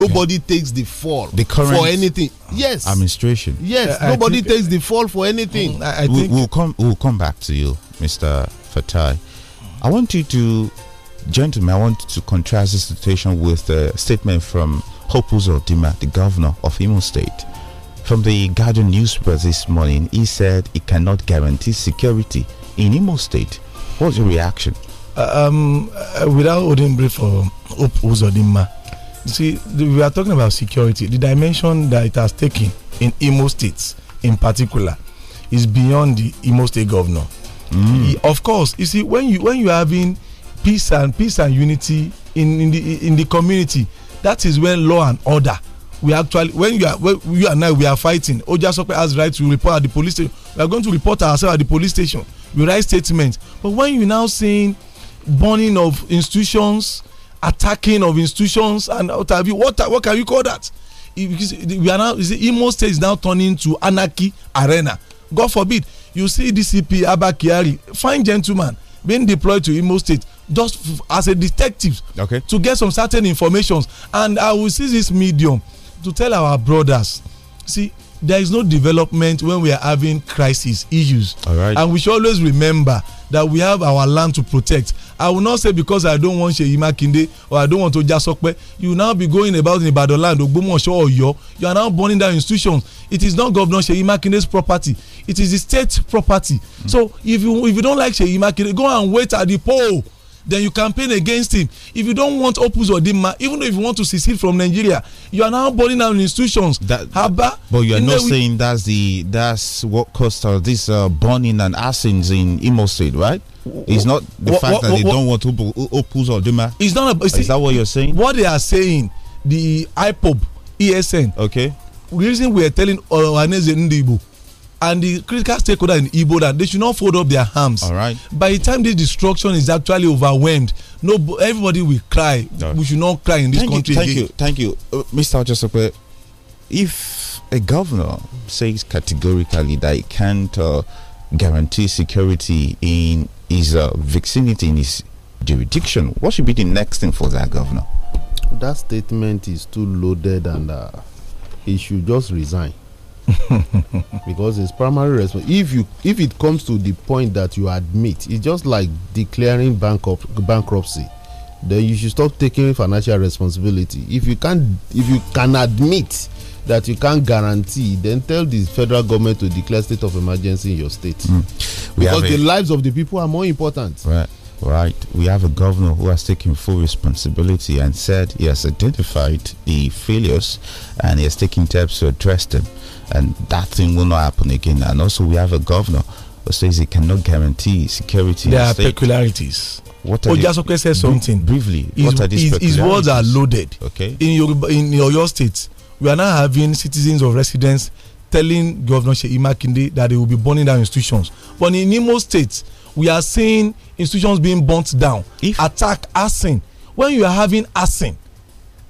Nobody yeah. takes the fall the current for anything. Yes. Administration. Yes. Uh, nobody think, takes the fall for anything. I, I we, will come. We'll come back to you, Mr. Fatai. I want you to, gentlemen. I want to contrast this situation with a statement from Hope Uzodima, the governor of Imo State. From the Guardian newspaper this morning, he said he cannot guarantee security in Imo State. What's your reaction? Uh, um, uh, without holding brief for Hope Uzodima see, we are talking about security. The dimension that it has taken in Imo State, in particular, is beyond the Imo State governor. Mm. He, of course, you see, when you when you are having peace and peace and unity in in the in the community, that is when law and order. We actually when you are when you and I we are fighting. Ojasope has right to report at the police station. We are going to report ourselves at the police station. We write statements. But when you now seeing burning of institutions attacking of institutions and what have you what what can you call that we are now you see imo state is now turning to anarchy arena god forbid you see dcp abba kyari fine gentleman being deployed to imo state just as a detective okay. to get some certain informations and i will see this medium to tell our brothers see there is no development when we are having crisis issues. All right, and we should always remember that we have our land to protect i will not say because i don't want seyi makinde or i don't want to jasope you now be going about in ibadan land or oyo you are now burning down institutions it is not governor seyi makinde's property it is the state property mm. so if you if you don't like seyi makinde go and wait at the poll then you campaign against him if you don't want opus odinma even though if you want to secede from nigeria you are now burning down institutions. That, Haba, but you are not saying that's the that's what caused all this uh, burning and arsons in Imo State, right? It's not the what, fact what, that what, they don't want opus Dimma. It's not. A, Is that what you're saying? What they are saying, the IPOB, ESN. Okay. The reason we are telling the uh, Ndibu and the critical stakeholder in Igbo that they should not fold up their hands. All right. By the time this destruction is actually overwhelmed, no, everybody will cry. No. We should not cry in this thank country. You, thank again. you, thank you, uh, Mr. Josepe. If a governor says categorically that he can't uh, guarantee security in his uh, vicinity, in his jurisdiction, what should be the next thing for that governor? That statement is too loaded and uh, he should just resign because it's primary response. If you if it comes to the point that you admit, it's just like declaring bankrupt, bankruptcy. Then you should stop taking financial responsibility. If you can if you can admit that you can't guarantee, then tell the federal government to declare state of emergency in your state. Mm. because the lives of the people are more important. Right right? We have a governor who has taken full responsibility and said he has identified the failures and he has taken steps to address them, and that thing will not happen again. And also, we have a governor who says he cannot guarantee security. There are state. peculiarities. What are oh, just okay, say something briefly. His, what are these his, his words are loaded. Okay, in your in your state, we are now having citizens of residence telling Governor Sheikh Makinde that they will be burning down institutions, but in Imo State we are seeing institutions being burnt down if attack arson when you are having arson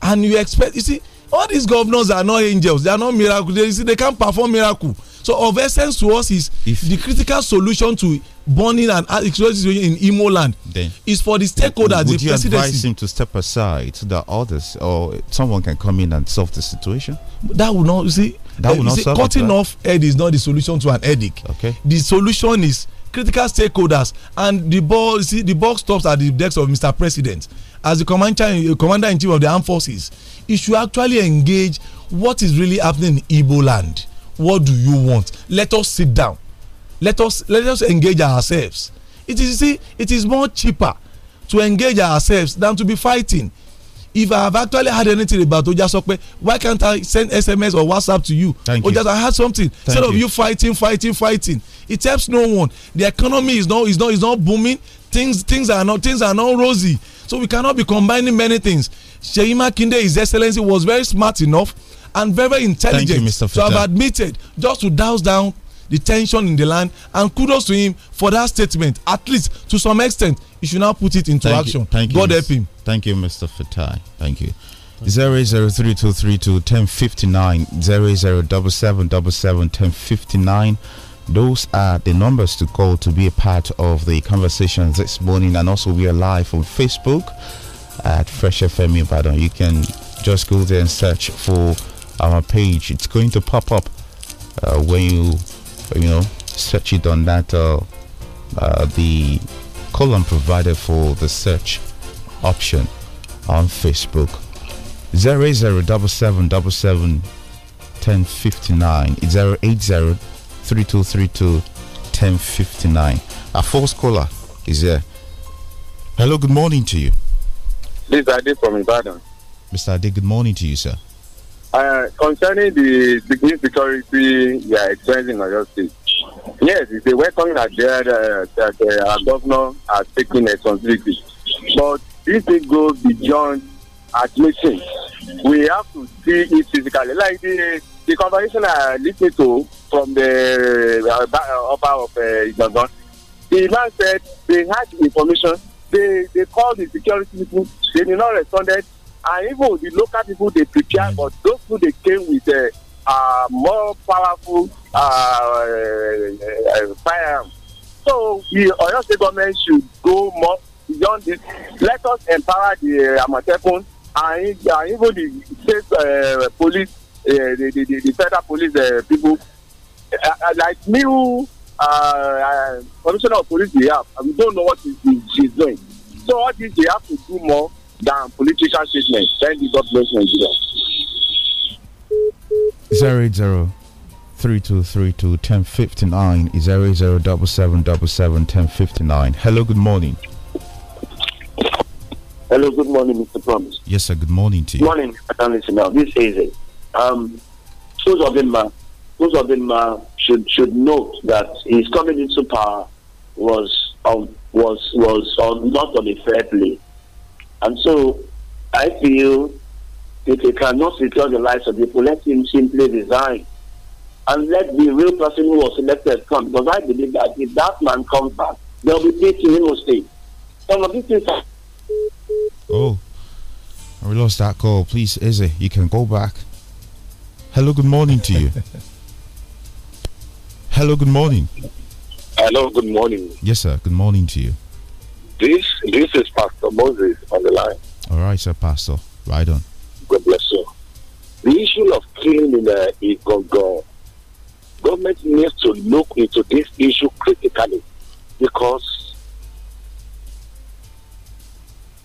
and you expect you see all these governors are not angels they are not miracles. they see they can perform miracle so of essence to us is if the critical solution to burning and situation in imo land is for the stakeholders would the you presidency. advise him to step aside so that others or someone can come in and solve the situation that would not you see that uh, eh, would not see, solve cutting it, off head is not the solution to an headache okay the solution is critical stakeholders and the ball see the ball stops at the desk of mr president as the commander, uh, commander in chief of the armed forces he should actually engage what is really happening in igbo land what do you want let us sit down let us let us engage ourselves it is see it is more cheaper to engage ourselves than to be fighting if I have actually had anything about Ojasope, why can't I send SMS or WhatsApp to you? Or Ojas, I had something. Thank Instead you. of you fighting, fighting, fighting. It helps no one. The economy is not is not is not booming. Things things are not things are not rosy. So we cannot be combining many things. Sheima Kinde, His Excellency, was very smart enough and very intelligent you, to have admitted just to douse down the tension in the land and kudos to him for that statement at least to some extent he should now put it into thank action you, thank god you, help him thank you mr fatai thank you Zero zero three two three two ten fifty nine zero zero double seven double seven ten fifty nine. Those are the numbers to call to be a part of the conversation this morning, and also we are live on Facebook at Fresh FM Ibadan. You can just go there and search for our page. It's going to pop up uh, when you you know, search it on that uh, uh, the column provided for the search option on Facebook. 08077771059. It's 08032321059. Our caller is there. Hello, good morning to you. This is Ade from Ibadan. Mr. Ade, good morning to you, sir. Uh, concerning the, the insecurity we are experiencing in Oyo State, yes, it's a welcome that, uh, that uh, our governor has taken responsibility. But if it goes beyond admission, we have to see it physically. Like the, the conversation I listened to from the uh, upper of uh, Ibadan, uh, the man said they had information, they, they called the security people, they did not respond and even the local people they prepare mm. but those who they came with the uh, uh, more powerful uh, uh, firearms. so the oyo state government should go more beyond this let us empower the uh, amatekun and, and even the state uh, police uh, the, the, the, the federal police uh, people uh, uh, like new uh, commissioner of police we have and we don't know what she doing so all this they have to do more than political statements. Thank you. God bless Nigeria. Zero eight zero three two three two ten fifty nine zero zero double seven double seven ten fifty nine. Hello, good morning. Hello, good morning, Mr. Promise. Yes, sir. Good morning to you. Morning, analyst. Now, this is it. Um, those of them, uh, those of them uh, should should note that his coming into power was um, was was on, not on a fair play and so I feel if he cannot secure the lives of people, let him simply resign. And let the real person who was elected come. Because I believe that if that man comes back, there will be peace in Imo State. Some of these things are. Oh, we lost that call. Please, Izzy, you can go back. Hello, good morning to you. Hello, good morning. Hello, good morning. Yes, sir. Good morning to you. This this is Pastor Moses on the line. All right, sir, Pastor. Right on. God bless you. The issue of killing in uh, Igongo, government needs to look into this issue critically because.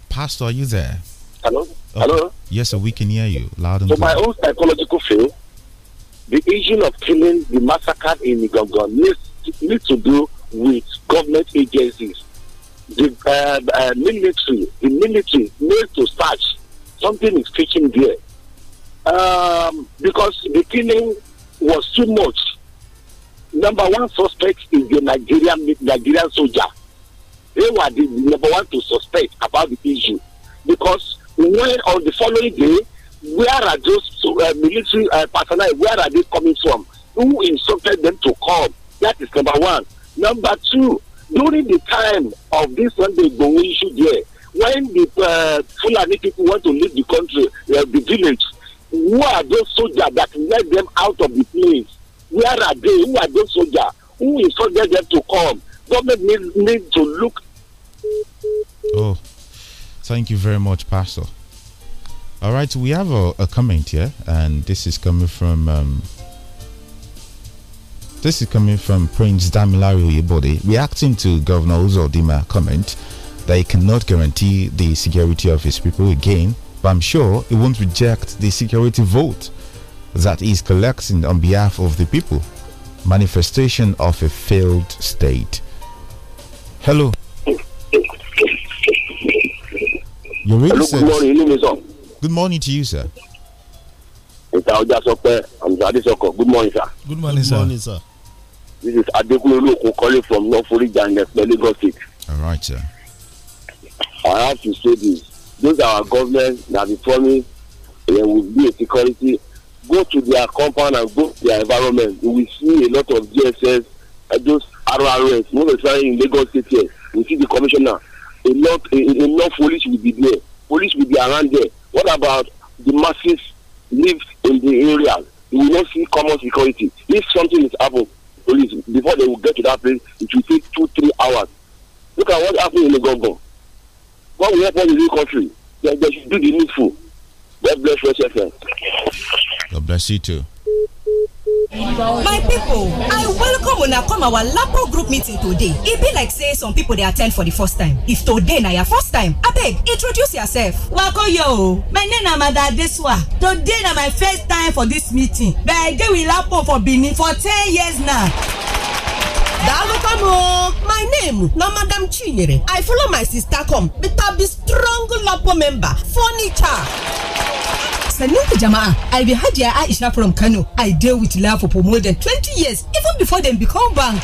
Pastor, are you there? Hello. Hello. Yes, sir. We can hear you loud and so clear. So my own psychological feel, the issue of killing the massacre in Igongo needs needs to do with government agencies the uh, uh, military, the military need to start. Something is kicking there. Um, because the killing was too much. Number one suspect is the Nigerian Nigerian soldier. They were the number one to suspect about the issue. Because when on the following day, where are those uh, military uh, personnel, where are they coming from? Who instructed them to come? That is number one. Number two, during the time of this Sunday Igboho issue there, when the uh, Fulani people want to leave the country, uh, the village, who are those soldiers that led them out of the place? Where are they? Who are those soldiers? Who instructed them to come? Government need, need to look. Oh, thank you very much, Pastor. All right, we have a, a comment here, and this is coming from um, this is coming from Prince Damilari Oyebode reacting to Governor Uzodima comment that he cannot guarantee the security of his people again, but I'm sure he won't reject the security vote that is collecting on behalf of the people. Manifestation of a failed state. Hello. you Hello, good morning, sir. Good morning to you, sir. Good morning, sir. Good morning, sir. This is Adekunle calling from North Florida Lagos State. All right, sir. I have to say this. Those are our that that is promised eh, there will be a security. Go to their compound and go to their environment. We will see a lot of DSS, uh, eh, those RRS, Not especially in Lagos State here. We see the commissioner. A lot, a, a lot of police will be there. Police will be around there. What about the masses live in the area? We will not see common security. If something is happening, police before they will get to that place it will take two three hours look at what happened in Igongo what will happen in this country they, they should do the needful God bless you, God bless you too. my people, i welcome una come our lapo group meeting today It e be like say some people they attend for the first time if today na your first time I beg introduce yourself. Wako yo, my name na mada adesuwa today na my first time for this meeting but i dey with lapo for benin for ten years now. daalụkwanụ my name na madam chinyere i follow my sister come but I be strong lapo member fonicha sannin ku jama'a i be hajiya aisha from kano i deal with lafo for more than twenty years even before them become bank.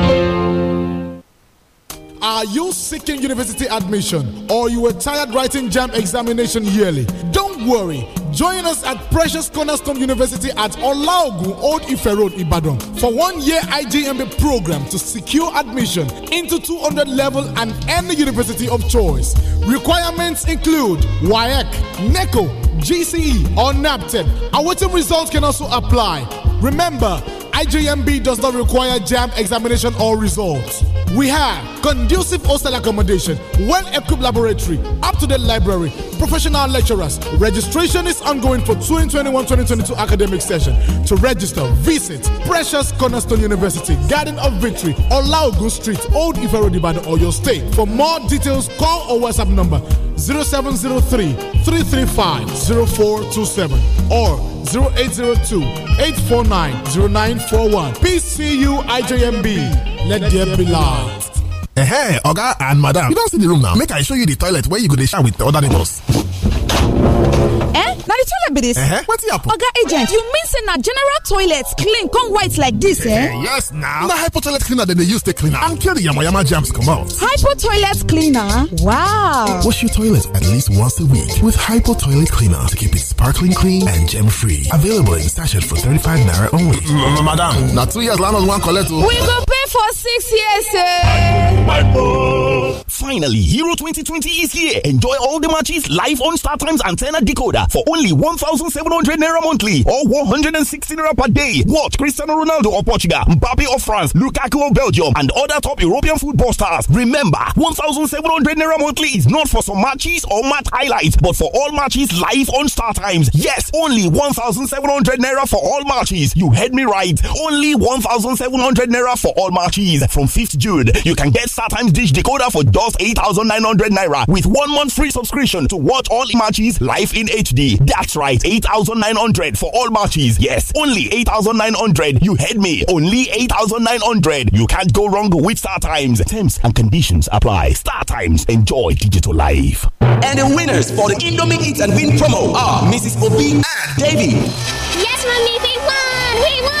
Are you seeking university admission or you were tired writing jam examination yearly? Don't worry. Join us at Precious Cornerstone University at Olaogun Old Ife Road, Ibadan for one year IGMB program to secure admission into 200 level and any university of choice. Requirements include WAEC, NECO, GCE, or NAPTED. E Awaiting results can also apply. Remember, IGMB does not require JAM examination or results. We have conducive hostel accommodation, well equipped laboratory, up to date library, professional lecturers. Registration is ongoing for 2021 2022 academic session. To register, visit Precious Cornerstone University, Garden of Victory, on Laogun Street, Old Ifero Dibado, or your state. For more details, call or WhatsApp number 0703 335 0427 or 0802 849 0941. PCU IJMB. let there be light. eh oga and madam you don see the room now make i show you the toilet where you go dey share with other neighbors. eh now the toilet be dis eh wetin happen. oga agent you mean say na general toilets clean come white like this, eh, eh? yes now. na hypo toilet cleaner than they use to clean am and kill the yamayama come out. hypo toilet cleaner wow wash your toilet at least once a week with hypo toilet cleaner to keep it sparkling clean and gem free available in sachet for 35 naira only madam Now two years land wan one o we go pay for six years eh finally hero 2020 is here enjoy all the matches live on star times antenna decoder Naira for only 1,700 Naira monthly or 160 Naira per day. Watch Cristiano Ronaldo of Portugal, Mbappe of France, Lukaku of Belgium, and other top European football stars. Remember, 1,700 Naira monthly is not for some matches or match highlights, but for all matches live on Star Times. Yes, only 1,700 Naira for all matches. You heard me right. Only 1,700 Naira for all matches. From 5th June, you can get Star Times Dish Decoder for just 8,900 Naira with one month free subscription to watch all matches live in HD. That's right, 8,900 for all matches. Yes, only 8,900. You heard me. Only 8,900. You can't go wrong with Star Times. Terms and conditions apply. Star Times. Enjoy digital life. And the winners for the Indomie Eat and Win promo are Mrs. Obi and Davy. Yes, mommy, we won! We won!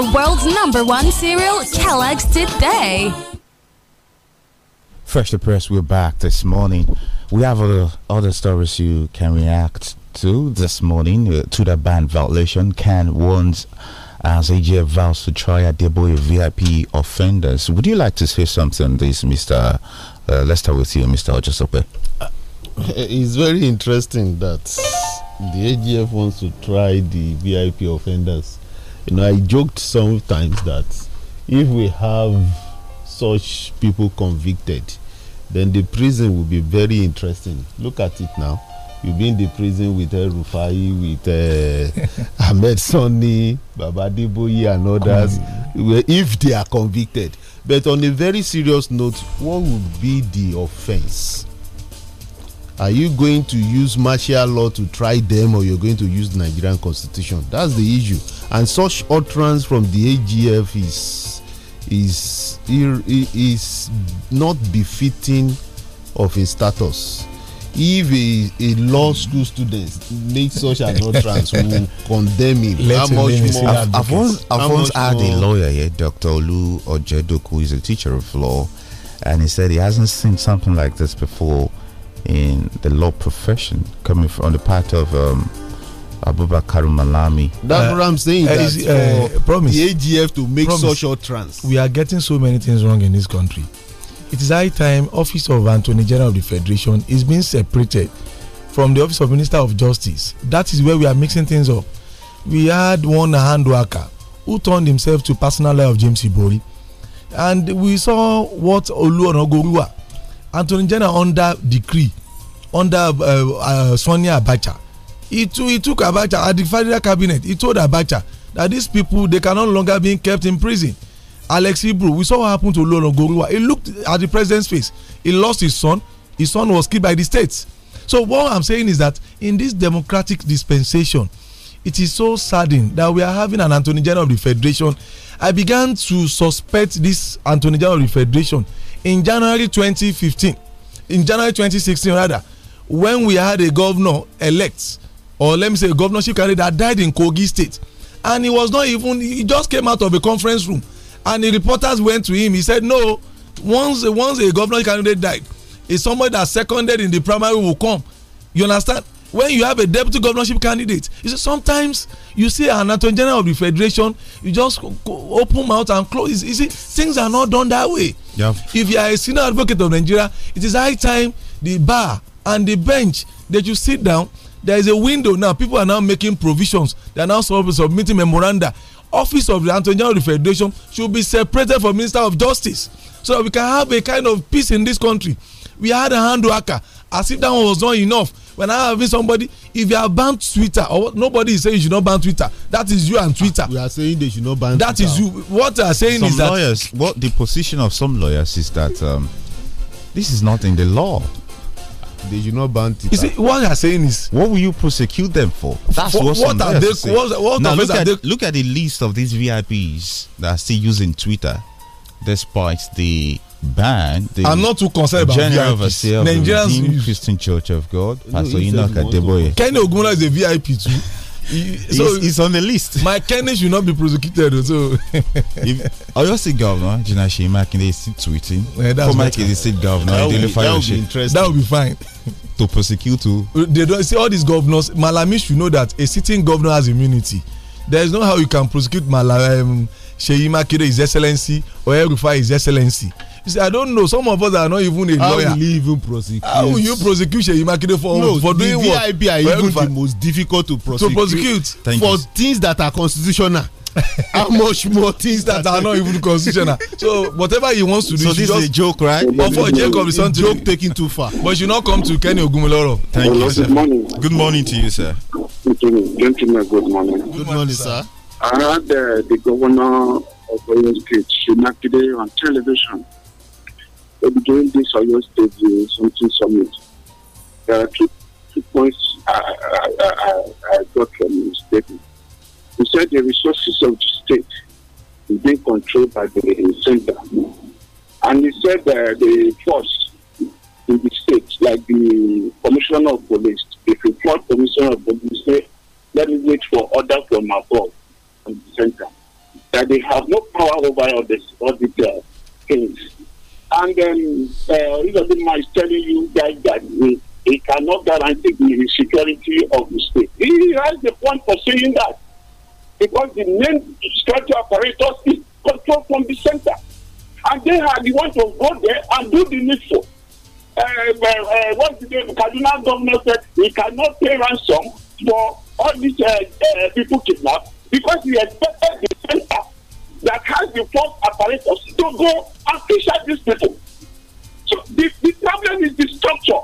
the world's number one cereal, Kellogg's, today. Fresh to press, we're back this morning. We have other, other stories you can react to this morning uh, to the ban violation. Can warns as AGF vows to try a Adeboye VIP offenders. Would you like to say something, this Mr. Uh, let's start with you, Mr. Ojosope. Uh, it's very interesting that the AGF wants to try the VIP offenders you know, I joked sometimes that if we have such people convicted, then the prison will be very interesting. Look at it now. You've been in the prison with uh, Rufai, with uh, Ahmed Sonny, Babadeboye, and others, um, if they are convicted. But on a very serious note, what would be the offense? are you going to use martial law to try them or you're going to use the nigerian constitution that's the issue and such utterance from the agf is is is not befitting of his status if a a law school student makes such an utterance we will condemn him Let how much more i've once had a lawyer here dr olu ojedoku is a teacher of law and he said he hasn't seen something like this before in the law profession coming from the part of um, Abubakar Malami. That's uh, what I'm saying. Uh, that is, uh, promise. the AGF to make promise. social trans. We are getting so many things wrong in this country. It is high time Office of Attorney General of the Federation is being separated from the Office of Minister of Justice. That is where we are mixing things up. We had one hand worker who turned himself to personal life of James Ibori. And we saw what Olu Onogoriwa Anthony General under decree under uh, uh, Abacha he, too, he took Abacha at the federal cabinet he told Abacha that these people they can no longer be kept in prison Alex Ibru we saw what happened to Lolo Goriwa he looked at the president's face he lost his son his son was killed by the state so what I'm saying is that in this democratic dispensation it is so sadden that we are having an Anthony General of the Federation I began to suspect this Anthony General of the Federation in January 2015, in January 2016 rather, when we had a governor elect, or let me say a governorship candidate that died in Kogi State, and he was not even, he just came out of a conference room, and the reporters went to him. He said, "No, once once a governor candidate died, it's somebody that seconded in the primary will come." You understand? when you have a deputy governorship candidate you see sometimes you see an attorney general of the federation you just open mouth and close you see things are not done that way yeah. if you are a senior advocate of nigeria it is high time the bar and the bench that you sit down there is a window now people are now making provisions they are now submitting memoranda office of the attorney general of the federation should be separated from minister of justice so that we can have a kind of peace in this country we had a hand worker as if that one was not enough when i'm having somebody if you are banned twitter or nobody is saying you should not ban twitter that is you and twitter we are saying they should not ban That twitter. is you what they are saying some is that lawyers what the position of some lawyers is that um, this is not in the law they should not ban twitter you see what they are saying is what will you prosecute them for that's for, what, what are they what, what now look at, they, look at the list of these vips that are still using twitter despite the ban the I'm not too concerned about general VIPs. Nigerians Christian Church of God, Pastor Enoch Adeboye. Kenny Ogumila is a VIP too. he, so he's, he's, on the list. My Kenny should not be prosecuted. So, if Oyo State Governor Jinashi Makinde is still tweeting, yeah, for Mike is the state governor, that would, that would be interesting. That would be fine. to prosecute who? They don't see all these governors. Malami should know that a sitting governor has immunity. There is no how you can prosecute Malam Um, Sheyi Makinde, His Excellency, or Erufai, His Excellency see, I don't know. Some of us are not even a How lawyer. How will even prosecute? How will you prosecute Seyi Makinde for, no, for doing what? No, the VIB are even the most difficult to prosecute. To prosecute. Thank for things that are constitutional. how much more things that are not even constitutional so whatever he wants to do so this is a joke right but oh, for jacob it's not joke taking too far but you should not come to kenny ogumiloro thank you sir. good morning good morning to you sir good morning gentlemen good morning good, good morning sir i heard uh, the governor of oyo state shimakide on television doing this Oyo State uh, something summit, there are two, two points I, I, I, I got from his statement. He said the resources of the state is being controlled by the center. And he said that the force in the state, like the commissioner of police, if you call commissioner of police, say, let me wait for order from above, from the center. That they have no power over all, this, all the uh, things and then uh, man is telling you guys that he, he cannot guarantee the security of the state. He has the point for saying that because the main security apparatus is controlled from the center. And they are the want to go there and do the needful. Uh, uh, uh, what the Kaduna government said? We cannot pay ransom for all these uh, uh people kidnapped because we expected the center that has the force apparatus to go and fish these people. So the, the problem is the structure.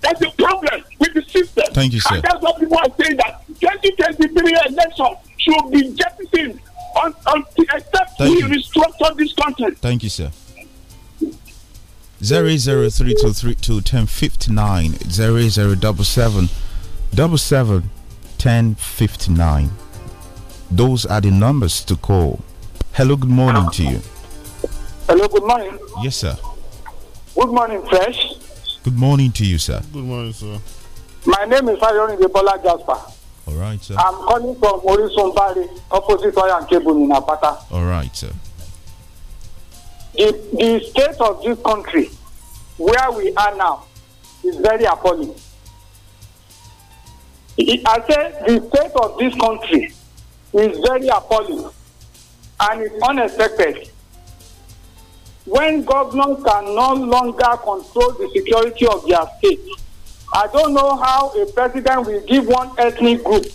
That's the problem with the system. Thank you, sir. And that's what people are saying that 2023 election should be jettisoned on, on, except Thank we you. restructure this country. Thank you, sir. 003221059 1059 those are the numbers to call Hello, good morning to you. Hello, good morning. Yes, sir. Good morning, Fresh. Good morning to you, sir. Good morning, sir. My name is Fayoni Debola Jasper. All right, sir. I'm calling from Orisun Valley, opposite Oyan Cable in Apata. All right, sir. The, the state of this country, where we are now, is very appalling. I say the state of this country is very appalling and is unexpected. When governors can no longer control the security of their state, I don't know how a president will give one ethnic group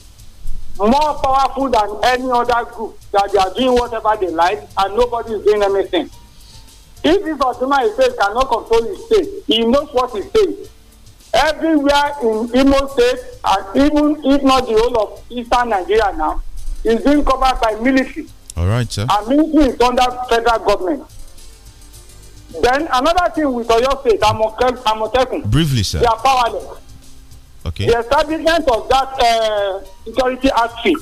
more powerful than any other group that they are doing whatever they like and nobody is doing anything. If this Ottoman state cannot control his state, he knows what he says. Everywhere in Imo state and even if not the whole of eastern Nigeria now is being covered by military. All right, sir. And we is under federal government. Then another thing with Oyo State, Amotekun. Briefly, sir. They are powerless. Okay. The establishment of that uh, security outfit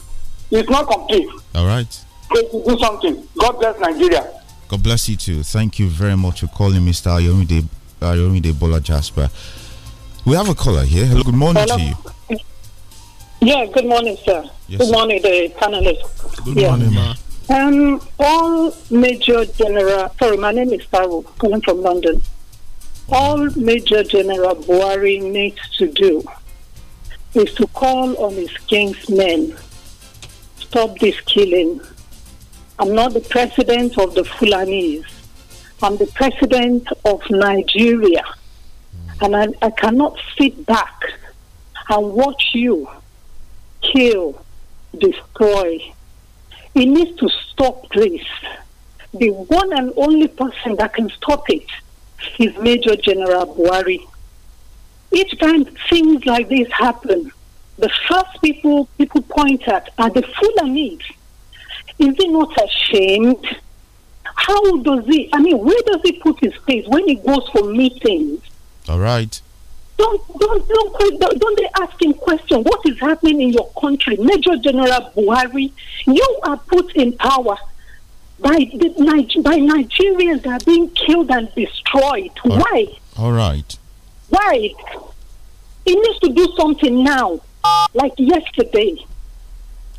is not complete. All right. They should do something. God bless Nigeria. God bless you too. Thank you very much for calling Mr. Ayomide, Ayomide Bola Jasper. We have a caller here. Hello, good morning Hello. to you. Yeah, good morning, sir. Yes, good morning, sir. the panelists. Good yeah. morning, ma. Um, all major general, sorry, my name is Farrell, coming from London. All major general Buhari needs to do is to call on his king's men, stop this killing. I'm not the president of the Fulanis. I'm the president of Nigeria. And I, I cannot sit back and watch you kill, destroy, it needs to stop this. The one and only person that can stop it is Major General Buhari. Each time things like this happen, the first people people point at are the Fulanis. Is he not ashamed? How does he, I mean, where does he put his face when he goes for meetings? All right. Don't don't don't don't they ask him What is happening in your country, Major General Buhari? You are put in power by the, by Nigerians that are being killed and destroyed. All Why? All right. Why? He needs to do something now, like yesterday.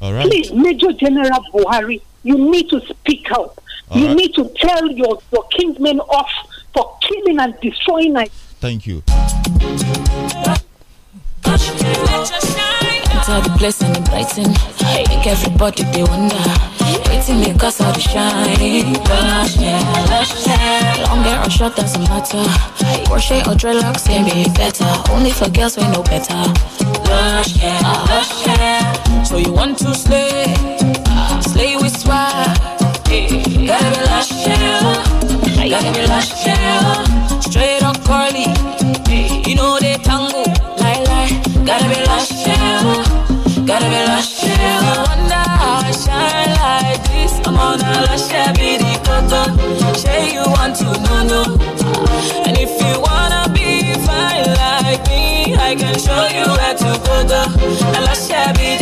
All right. Please, Major General Buhari, you need to speak up. All you right. need to tell your, your kinsmen off for killing and destroying Nigeria. Thank you. It's me cause Lush, yeah, lush, yeah. Long hair or short doesn't matter. Crochet or dreadlocks can be better. Only for girls we know better. Lush, yeah, lush, yeah. So you want to slay? Slay with swag. Gotta be lush, yeah. Got me lost, yeah. Straight up curly. You know they tango. Lie, lie. Gotta be lost, yeah. Gotta be lost, yeah. I wonder how I shine like this. I'm on a lush, yeah, be the coco. Say you want to know, no. And if you wanna be fine like me, I can show you where to go, though. A lush, yeah, be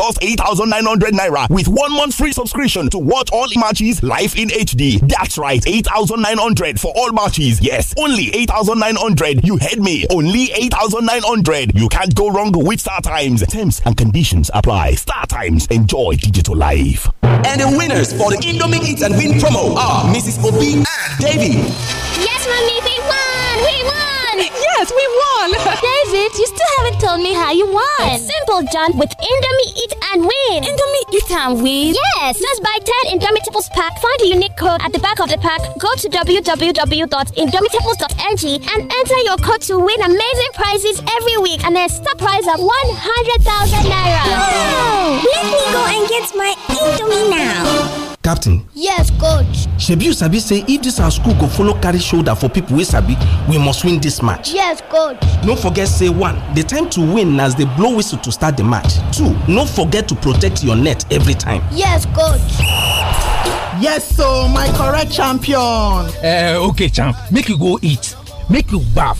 just 8,900 naira with one month free subscription to watch all matches live in HD. That's right, 8,900 for all matches. Yes, only 8,900. You heard me. Only 8,900. You can't go wrong with StarTimes. Times. Terms and conditions apply. StarTimes. Enjoy digital life. And the winners for the Indomie Eat and Win promo are Mrs. Obi and Davy. Yes, mommy, we won! We won! Yes, we won! Davy! tell me how you won. It's simple, John. With Indomie Eat and Win. Indomie Eat and Win? Yes. Just buy 10 Indomie Tipples pack. Find a unique code at the back of the pack. Go to www.indomitables.ng and enter your code to win amazing prizes every week and a stock prize of 100,000 Naira. Wow. Let me go and get my Indomie now. captain? yes coach shebi you sabi say if dis our school go follow carry shoulder for pipo wey sabi we must win dis match yes coach no forget say one di time to win na as dey blow whistle to start di match two no forget to protect your net every time. yes coach yes so my correct champion eh okay champ make you go eat make you baff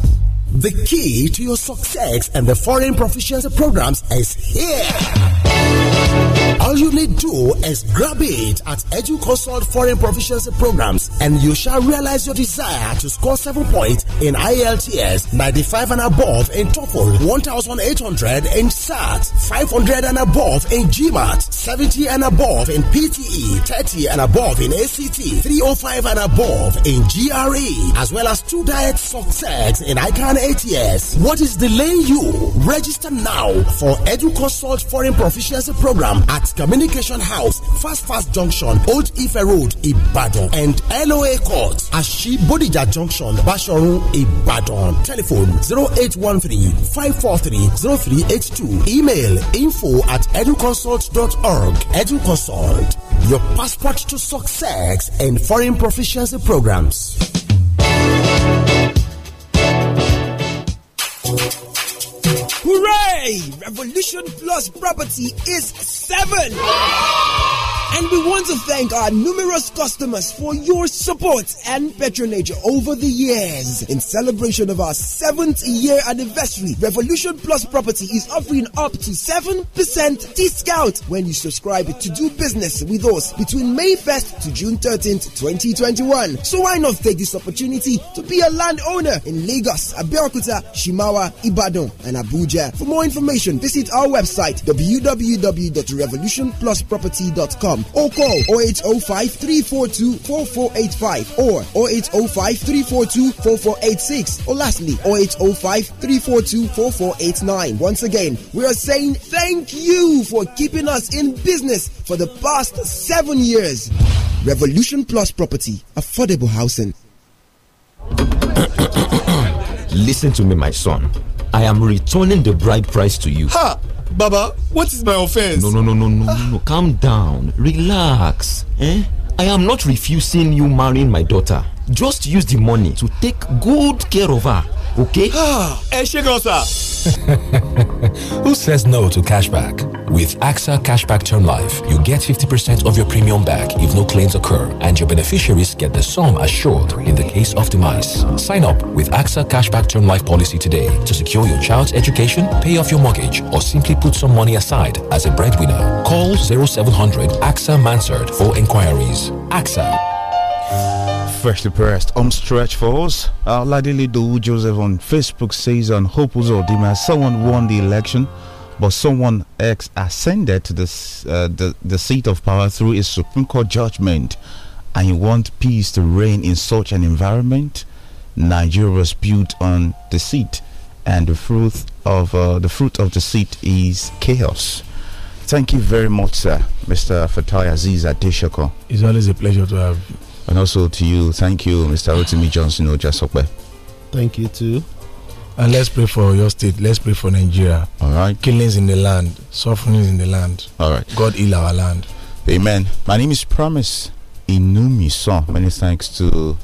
The key to your success and the foreign proficiency programs is here. All you need do is grab it at EduConsult Foreign Proficiency Programs and you shall realize your desire to score 7 points in IELTS, 95 and above in TOEFL, 1800 in SAT, 500 and above in GMAT, 70 and above in PTE, 30 and above in ACT, 305 and above in GRE, as well as two diet success in ICANN eight years. What is delaying you? Register now for EduConsult Foreign Proficiency Program at Communication House, Fast Fast Junction, Old Ife Road, Ibadan, and LOA Court, Ashi Bodija Junction, Bashorun, Ibadan. Telephone 0813 543 0382. Email info at educonsult.org. EduConsult, your passport to success and foreign proficiency programs. Hooray! Revolution Plus property is seven. And we want to thank our numerous customers for your support and patronage over the years. In celebration of our seventh year anniversary, Revolution Plus Property is offering up to 7% discount when you subscribe to do business with us between May 1st to June 13th, 2021. So why not take this opportunity to be a landowner in Lagos, Abeokuta, Shimawa, Ibadan, and Abuja? For more information, visit our website www.revolutionplusproperty.com com or call 0805 342 4485 or 0805 342 4486 or lastly 0805 342 4489. Once again, we are saying thank you for keeping us in business for the past seven years. Revolution Plus Property, affordable housing. Listen to me, my son. I am returning the bride price to you. Ha! Baba, what is my offense? No, no, no, no, no, no, no. Calm down. Relax. Eh? I am not refusing you marrying my daughter. Just use the money to take good care of her okay? Eh, Who says no to cashback? With AXA Cashback Term Life, you get 50% of your premium back if no claims occur, and your beneficiaries get the sum assured in the case of demise. Sign up with AXA Cashback Term Life policy today to secure your child's education, pay off your mortgage, or simply put some money aside as a breadwinner. Call 0700 AXA Mansard for inquiries. AXA freshly pressed. on stretch for us. Our uh, lady Lido Joseph on Facebook says on Hope Uzodima, someone won the election, but someone ex ascended to the uh, the, the seat of power through a Supreme Court judgment. And you want peace to reign in such an environment? Nigeria was built on deceit, and the fruit of uh, the fruit of deceit is chaos. Thank you very much, sir, Mr. Fatai Aziz Adeshoko. It's always a pleasure to have and also to you, thank you, Mr. Otimi Johnson Ojasope. Thank you too. And let's pray for your state. Let's pray for Nigeria. All right. Killings in the land, sufferings in the land. All right. God heal our land. Amen. My name is Promise Inumiso. Many thanks to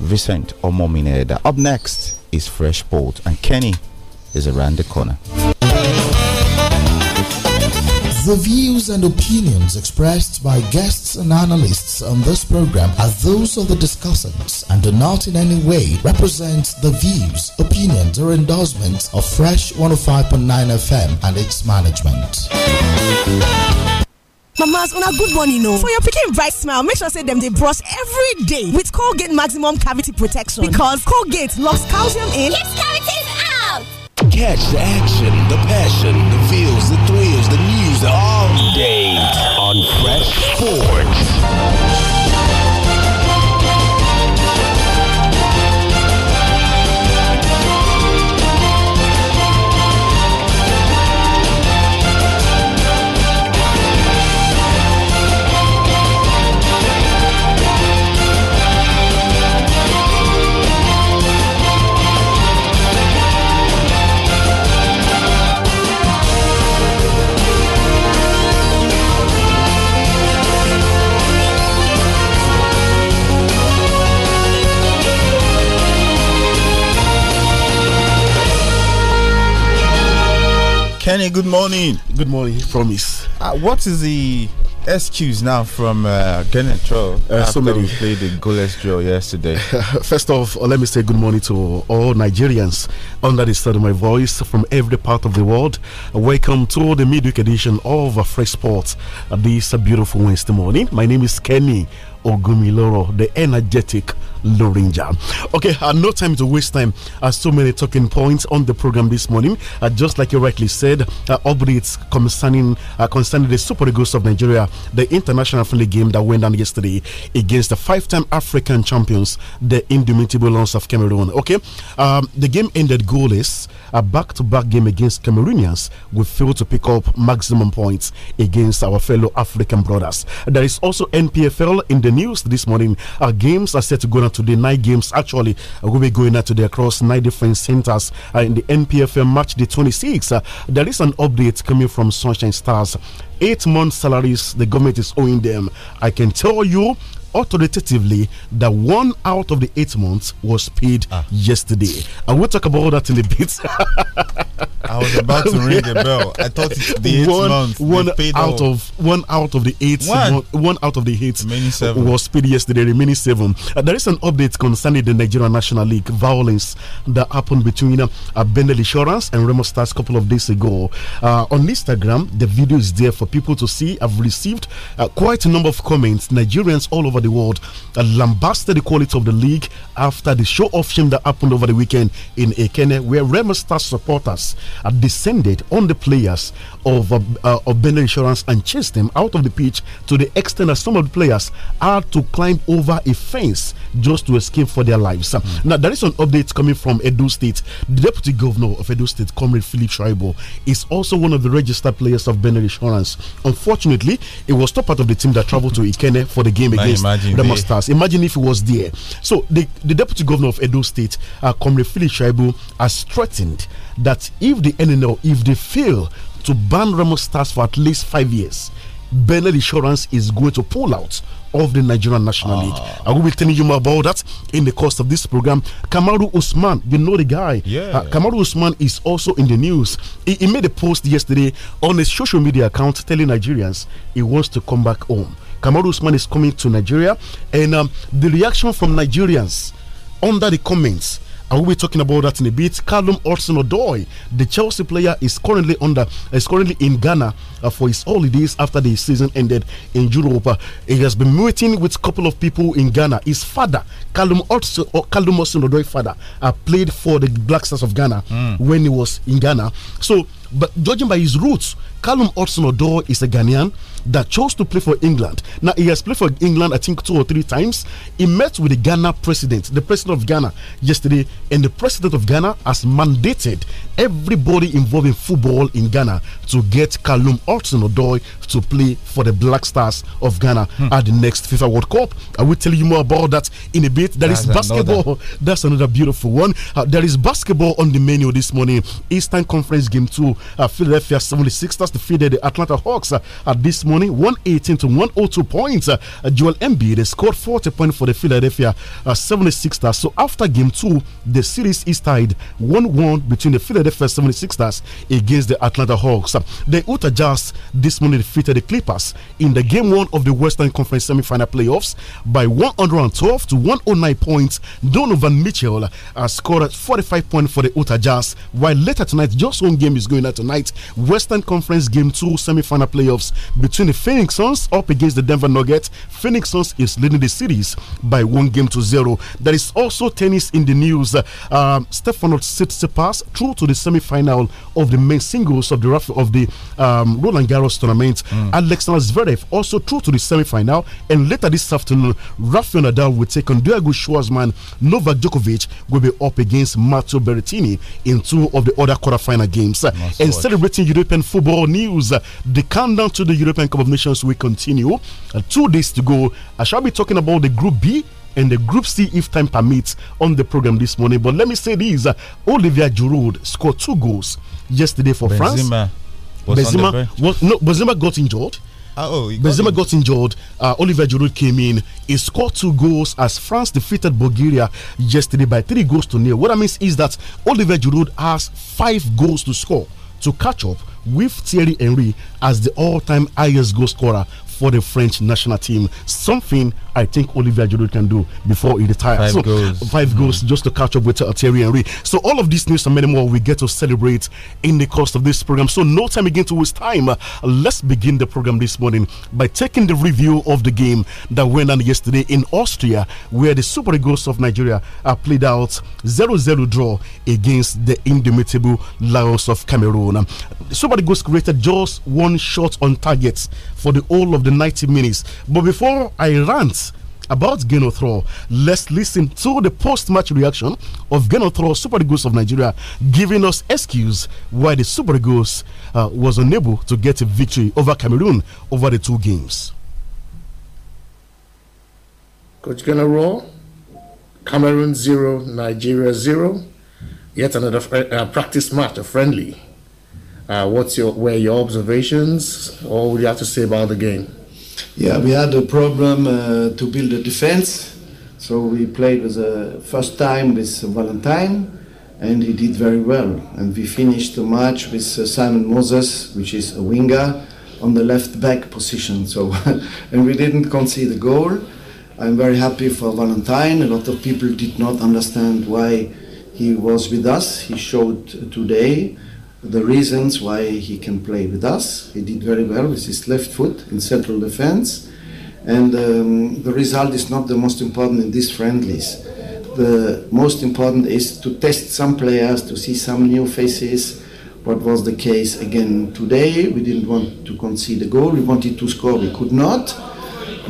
Vicent Omomineda. Up next is Fresh Bolt, and Kenny is around the corner. The views and opinions expressed by guests and analysts on this program are those of the discussants and do not in any way represent the views, opinions, or endorsements of Fresh 105.9 FM and its management. Mamas, on a good morning, you know. For your picking bright smile, make sure say them they brush every day with Colgate Maximum Cavity Protection because Colgate locks calcium in. Keeps cavities out. Catch the action, the passion, the feels, the thrills, the news all day on Fresh Sports. morning. Good morning. Promise. Uh, ah, what is the excuse now from uh, Kenneth Cho uh, somebody played the goalless draw yesterday. First off, uh, let me say good morning to all Nigerians under the sound of my voice from every part of the world. Welcome to the midweek edition of Fresh Sports this beautiful Wednesday morning. My name is Kenny Ogumiloro, the energetic Lorinja. Okay, uh, no time to waste time. Uh, so many talking points on the program this morning. Uh, just like you rightly said, uh, updates concerning uh, concerning the Super Eagles of Nigeria, the international friendly game that went down yesterday against the five-time African champions, the indomitable Lions of Cameroon. Okay, um, the game ended goalless a back to back game against Cameroonians, we failed to pick up maximum points against our fellow African brothers. There is also NPFL in the news this morning. Our uh, games are set to go on today. Nine games actually uh, will be going out today across nine different centers uh, in the NPFL match day 26. Uh, there is an update coming from Sunshine Stars. Eight month salaries the government is owing them. I can tell you authoritatively that one out of the eight months was paid ah. yesterday. And we'll talk about all that in a bit. I was about to ring the bell. I thought it's the eight one, months. One out all. of one out of the eight one, one out of the eight was paid yesterday. Remaining seven. Uh, there is an update concerning the Nigerian National League violence that happened between uh, Bendel Insurance and Remo Stars a couple of days ago. Uh, on Instagram, the video is there for people to see. I've received uh, quite a number of comments. Nigerians all over the world that lambasted the quality of the league after the show of shame that happened over the weekend in Ekene, where Rema Star supporters had descended on the players of, uh, uh of Insurance and chased them out of the pitch to the extent that some of the players had to climb over a fence just to escape for their lives. Mm. Now, there is an update coming from Edo State. The deputy governor of Edo State, Comrade Philip Schreiber, is also one of the registered players of Benin Insurance. Unfortunately, it was top part of the team that traveled to Ikene for the game against the Masters. Imagine if he was there. So, the, the deputy governor of Edo State, uh, Comrade Philip Schreiber, has threatened that if the NNL, if they fail to ban Remo Stars for at least five years, Bernard Insurance is going to pull out of the Nigerian National League. Ah. I will be telling you more about that in the course of this program. Kamaru Usman, you know the guy. Yeah. Uh, Kamaru Usman is also in the news. He, he, made a post yesterday on his social media account telling Nigerians he wants to come back home. Kamaru Usman is coming to Nigeria, and um, the reaction from Nigerians under the comments we will be talking about that in a bit. Callum Hudson Odoi, the Chelsea player, is currently under is currently in Ghana uh, for his holidays after the season ended in Europe. he has been meeting with a couple of people in Ghana. His father, Callum Hudson, or uh, Callum Hudson Odoi's father, uh, played for the Black Stars of Ghana mm. when he was in Ghana. So, but judging by his roots, Callum Hudson-Odoi is a Ghanaian that chose to play for England. Now he has played for England, I think, two or three times. He met with the Ghana president, the president of Ghana, yesterday, and the president of Ghana has mandated everybody involved in football in Ghana to get Kalum Hudson-Odoi to play for the Black Stars of Ghana hmm. at the next FIFA World Cup. I will tell you more about that in a bit. There That's is basketball. Another. That's another beautiful one. Uh, there is basketball on the menu this morning. Eastern Conference Game Two, uh, Philadelphia 76ers defeated the Atlanta Hawks uh, at this morning 118 to 102 points. Uh, Joel Embiid scored 40 points for the Philadelphia 76ers. Uh, so after game two, the series is tied 1 1 between the Philadelphia 76ers against the Atlanta Hawks. The Utah Jazz this morning defeated the Clippers in the game one of the Western Conference semifinal playoffs by 112 to 109 points. Donovan Mitchell uh, scored 45 points for the Utah Jazz. While later tonight, just one game is going on tonight. Western Conference game two semi-final playoffs between the Phoenix Suns up against the Denver Nuggets. Phoenix Suns is leading the series by one game to zero. There is also tennis in the news. Um, Stefanos Tsitsipas through to the semi-final of the main singles of the of the um, Roland Garros tournament. Mm. Alexander Zverev also through to the semi-final, and later this afternoon, Rafael Nadal will take on Diego Schwartzman. Novak Djokovic will be up against Matteo Berrettini in two of the other quarterfinal games. Must and watch. celebrating European football news, the countdown to the European Cup of Nations will continue. Uh, two days to go. I shall be talking about the Group B and the Group C if time permits on the program this morning. But let me say this uh, Olivia Giroud scored two goals yesterday for Benzema France. Was Benzema, was, no, Benzema got injured. Ah, oh, got Benzema him. got injured. Uh, Oliver Giroud came in. He scored two goals as France defeated Bulgaria yesterday by three goals to nil. What that means is that Oliver Giroud has five goals to score to catch up with Thierry Henry as the all time highest goal scorer for the French national team. Something I think Olivier Giroud can do before he retires. Five so, goals. Five mm. goals just to catch up with uh, Thierry Henry. So all of these news and many more we get to celebrate in the course of this program. So no time again to waste time. Uh, let's begin the program this morning by taking the review of the game that went on yesterday in Austria where the Super Eagles of Nigeria are played out 0-0 draw against the indomitable Lions of Cameroon. Um, Super Eagles created just one shot on target for the whole of the 90 minutes. But before I rant, about Geno Throw. Let's listen to the post-match reaction of Geno Throw Super Eagles of Nigeria, giving us excuse why the Super Eagles uh, was unable to get a victory over Cameroon over the two games. Coach Geno Raw, Cameroon zero, Nigeria zero. Yet another uh, practice match, a friendly. Uh, what's your where your observations? Or what would you have to say about the game? Yeah, we had a problem uh, to build a defense, so we played with the uh, first time with Valentine, and he did very well. And we finished the match with uh, Simon Moses, which is a winger, on the left back position. So, and we didn't concede a goal. I'm very happy for Valentine. A lot of people did not understand why he was with us. He showed today the reasons why he can play with us. He did very well with his left foot in central defense, and um, the result is not the most important in these friendlies. The most important is to test some players, to see some new faces. What was the case again today? We didn't want to concede a goal. We wanted to score. We could not.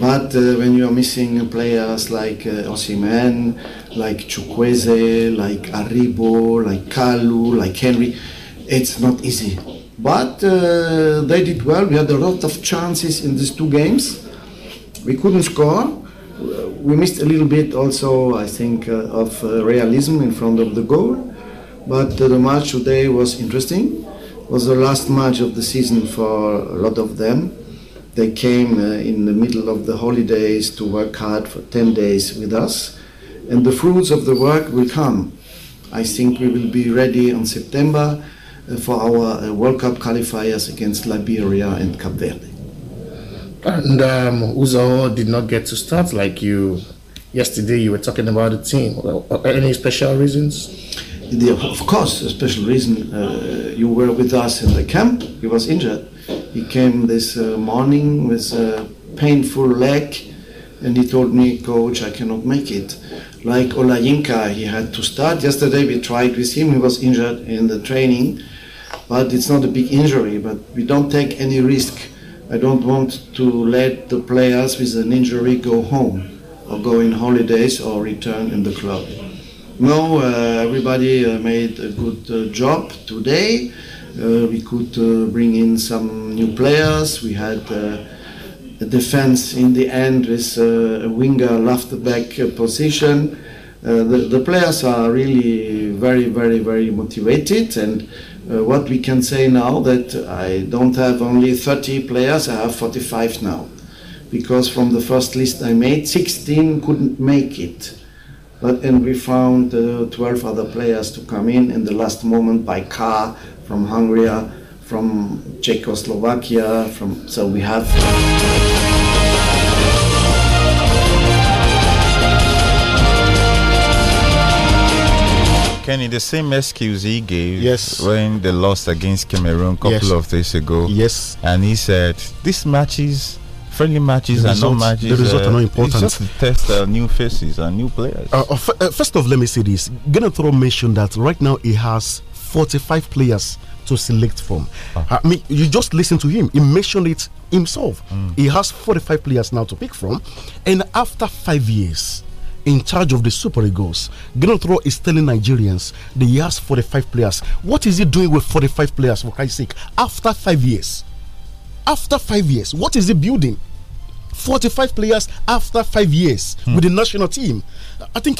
But uh, when you are missing players like uh, Osimhen, like Chukwueze, like Arribo, like Kalu, like Henry, it's not easy. But uh, they did well. We had a lot of chances in these two games. We couldn't score. We missed a little bit also, I think, uh, of uh, realism in front of the goal. But the match today was interesting. It was the last match of the season for a lot of them. They came uh, in the middle of the holidays to work hard for 10 days with us. And the fruits of the work will come. I think we will be ready on September. Uh, for our uh, World Cup qualifiers against Liberia and Cape Verde. And um, did not get to start like you yesterday. You were talking about the team. Uh, any special reasons? The, of course, a special reason. Uh, you were with us in the camp. He was injured. He came this uh, morning with a painful leg and he told me, Coach, I cannot make it. Like Olajinka, he had to start. Yesterday we tried with him, he was injured in the training, but it's not a big injury, but we don't take any risk. I don't want to let the players with an injury go home or go in holidays or return in the club. No, uh, everybody uh, made a good uh, job today. Uh, we could uh, bring in some new players. We had uh, defense in the end is uh, a winger left back position. Uh, the, the, players are really very, very, very motivated. And uh, what we can say now that I don't have only 30 players, I have 45 now, because from the first list I made, 16 couldn't make it. But and we found uh, 12 other players to come in in the last moment by car from Hungary from Czechoslovakia, from so we have. Kenny, the same excuse he gave yes. when they lost against Cameroon a couple yes. of days ago. Yes. And he said, these matches, friendly matches and matches. The results uh, are not uh, important. just to test uh, new faces and new players. Uh, uh, uh first of, let me say this. Gennaro mentioned that right now he has 45 players to select from. I mean, you just listen to him. He mentioned it himself. Mm. He has 45 players now to pick from. And after five years, in charge of the Super Eagles. Gnotro is telling Nigerians that he has 45 players. What is he doing with 45 players, for Christ's sake, after five years? After five years, what is he building? 45 players after five years hmm. with the national team. I think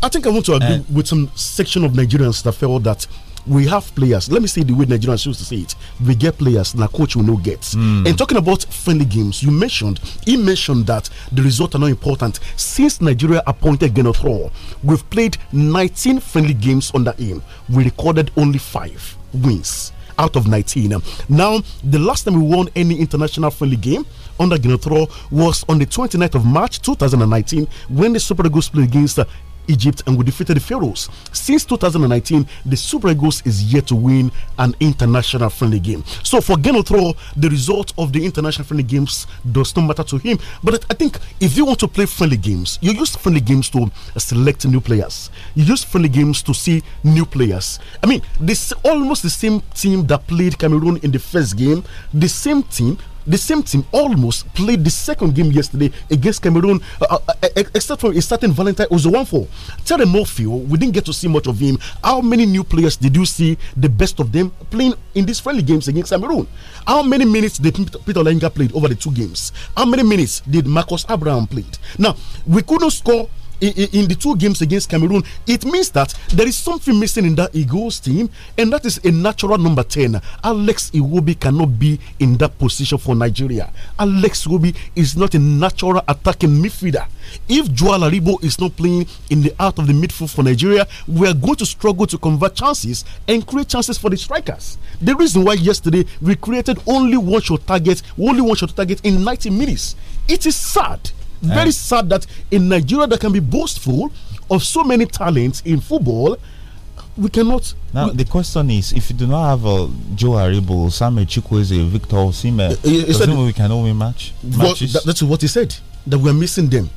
I think I want to agree uh, with some section of Nigerians that felt that we have players. Let me see the way Nigerians choose to say it. We get players, that coach will no get. Mm. And talking about friendly games, you mentioned, he mentioned that the results are not important. Since Nigeria appointed Genotro, we've played 19 friendly games under him. We recorded only five wins out of 19. Now, the last time we won any international friendly game under Genotro was on the 29th of March 2019 when the Super Eagles played against uh, Egypt and we defeated the Pharaohs. Since 2019, the Super Eagles is yet to win an international friendly game. So for Genotro, the result of the international friendly games does not matter to him. But I think if you want to play friendly games, you use friendly games to select new players. You use friendly games to see new players. I mean, this almost the same team that played Cameroon in the first game, the same team the same team almost played the second game yesterday against Cameroon, uh, uh, uh except for a certain Valentine Ozoanfo. Terry Murphy, we didn't get to see much of him. How many new players did you see the best of them playing in these friendly games against Cameroon? How many minutes did Peter Lenga played over the two games? How many minutes did Marcus Abraham played? Now, we couldn't score in, the two games against Cameroon, it means that there is something missing in that Eagles team, and that is a natural number 10. Alex Iwobi cannot be in that position for Nigeria. Alex Iwobi is not a natural attacking midfielder. If Joel Laribo is not playing in the out of the midfield for Nigeria, we are going to struggle to convert chances and create chances for the strikers. The reason why yesterday we created only one shot target, only one shot target in 90 minutes. It is sad very eh. sad that in Nigeria that can be boastful of so many talents in football we cannot. Now we, the question is, if you do not have uh, Joe Aribo, Sammy Chukwueze, Victor Osimhen, uh, uh, does it mean we cannot win match? that, that's what he said. That we're missing them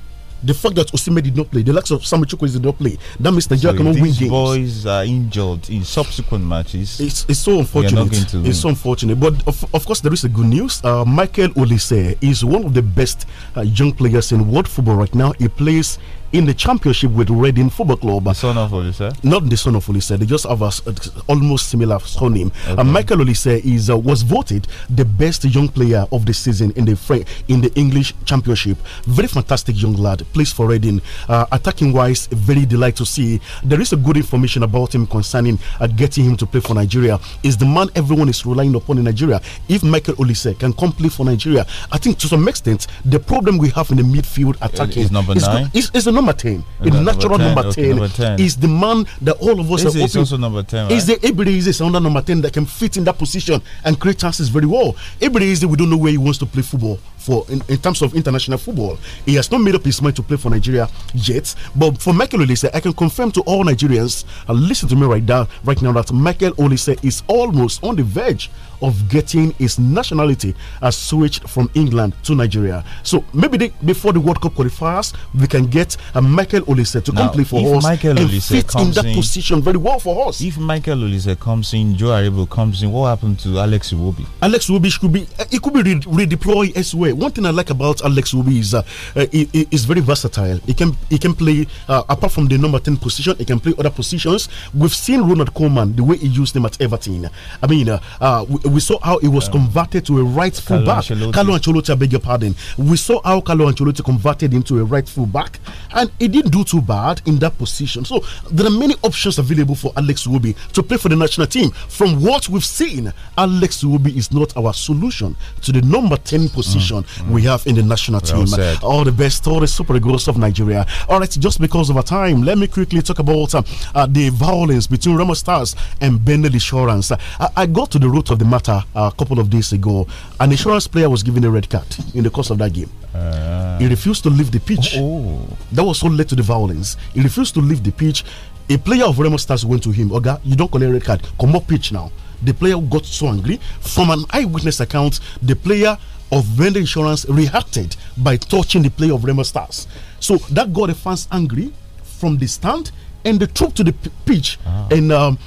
the fact that Osime did not play, the lack of Samuel Chukwueze did not play, that means Nigeria so cannot win games. boys are injured in subsequent matches. It's, it's so unfortunate. It's so unfortunate. But of, of course, there is a good news. Uh, Michael Olise is one of the best uh, young players in world football right now. He plays in the championship with Reading Football Club. The son of Olise? Not the son of Olise. They just have a, a almost similar surname. Okay. And Michael Olise is uh, was voted the best young player of the season in the French, in the English Championship. Very fantastic young lad. Plays for Reading. Uh, attacking wise, very delight to see. There is a good information about him concerning uh, getting him to play for Nigeria. Is the man everyone is relying upon in Nigeria? If Michael Olise can come play for Nigeria, I think to some extent the problem we have in the midfield attacking is number nine number 10. A natural number 10, is the man that all of us have are hoping. also number 10. Is the Ibri is under number 10 that can fit in that position and create chances very well. Ibri is we don't know where he wants to play football for in, in, terms of international football. He has not made up his mind to play for Nigeria yet. But for Michael Olise, I can confirm to all Nigerians and uh, listen to me right now, right now that Michael Olise is almost on the verge of getting his nationality as uh, switched from England to Nigeria. So maybe they, before the World Cup qualifiers, we can get a uh, Michael Olise to come play for us Michael and Olise fit in that in, position very well for us. If Michael Olise comes in, Joe Aribo comes in, what happened to Alex Iwobi? Alex Iwobi should be he could be re redeployed elsewhere one thing I like about Alex Ubi is uh, uh, he, he is very versatile. He can he can play uh, apart from the number ten position. He can play other positions. We've seen Ronald Coleman the way he used him at Everton. I mean, uh, we, we, saw how he was um, converted to a right full back. Ancelotti. Carlo Ancelotti, I beg your pardon. We saw how Carlo Ancelotti converted into a right full back, and he didn't do too bad in that position. So there are many options available for Alex Ubi to play for the national team. From what we've seen, Alex Ubi is not our solution to the number ten position. Mm mm. we have in the national well team. Said. All the best to the super heroes of Nigeria. All right, just because of our time, let me quickly talk about uh, uh, the violence between Remo Stars and Bendel Insurance. Uh, I, got to the root of the matter a couple of days ago. An insurance player was given a red card in the course of that game. Uh. he refused to leave the pitch. Oh, oh. That was what led to the violence. He refused to leave the pitch. A player of Remo Stars went to him, Oga, you don't collect red card. Come up pitch now the player got so angry. From an eyewitness account, the player of Venda Insurance reacted by touching the play of Remo Stars. So that got the fans angry from the stand and the troop to the pitch. Ah. And um,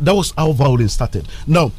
that was how violence started. Now,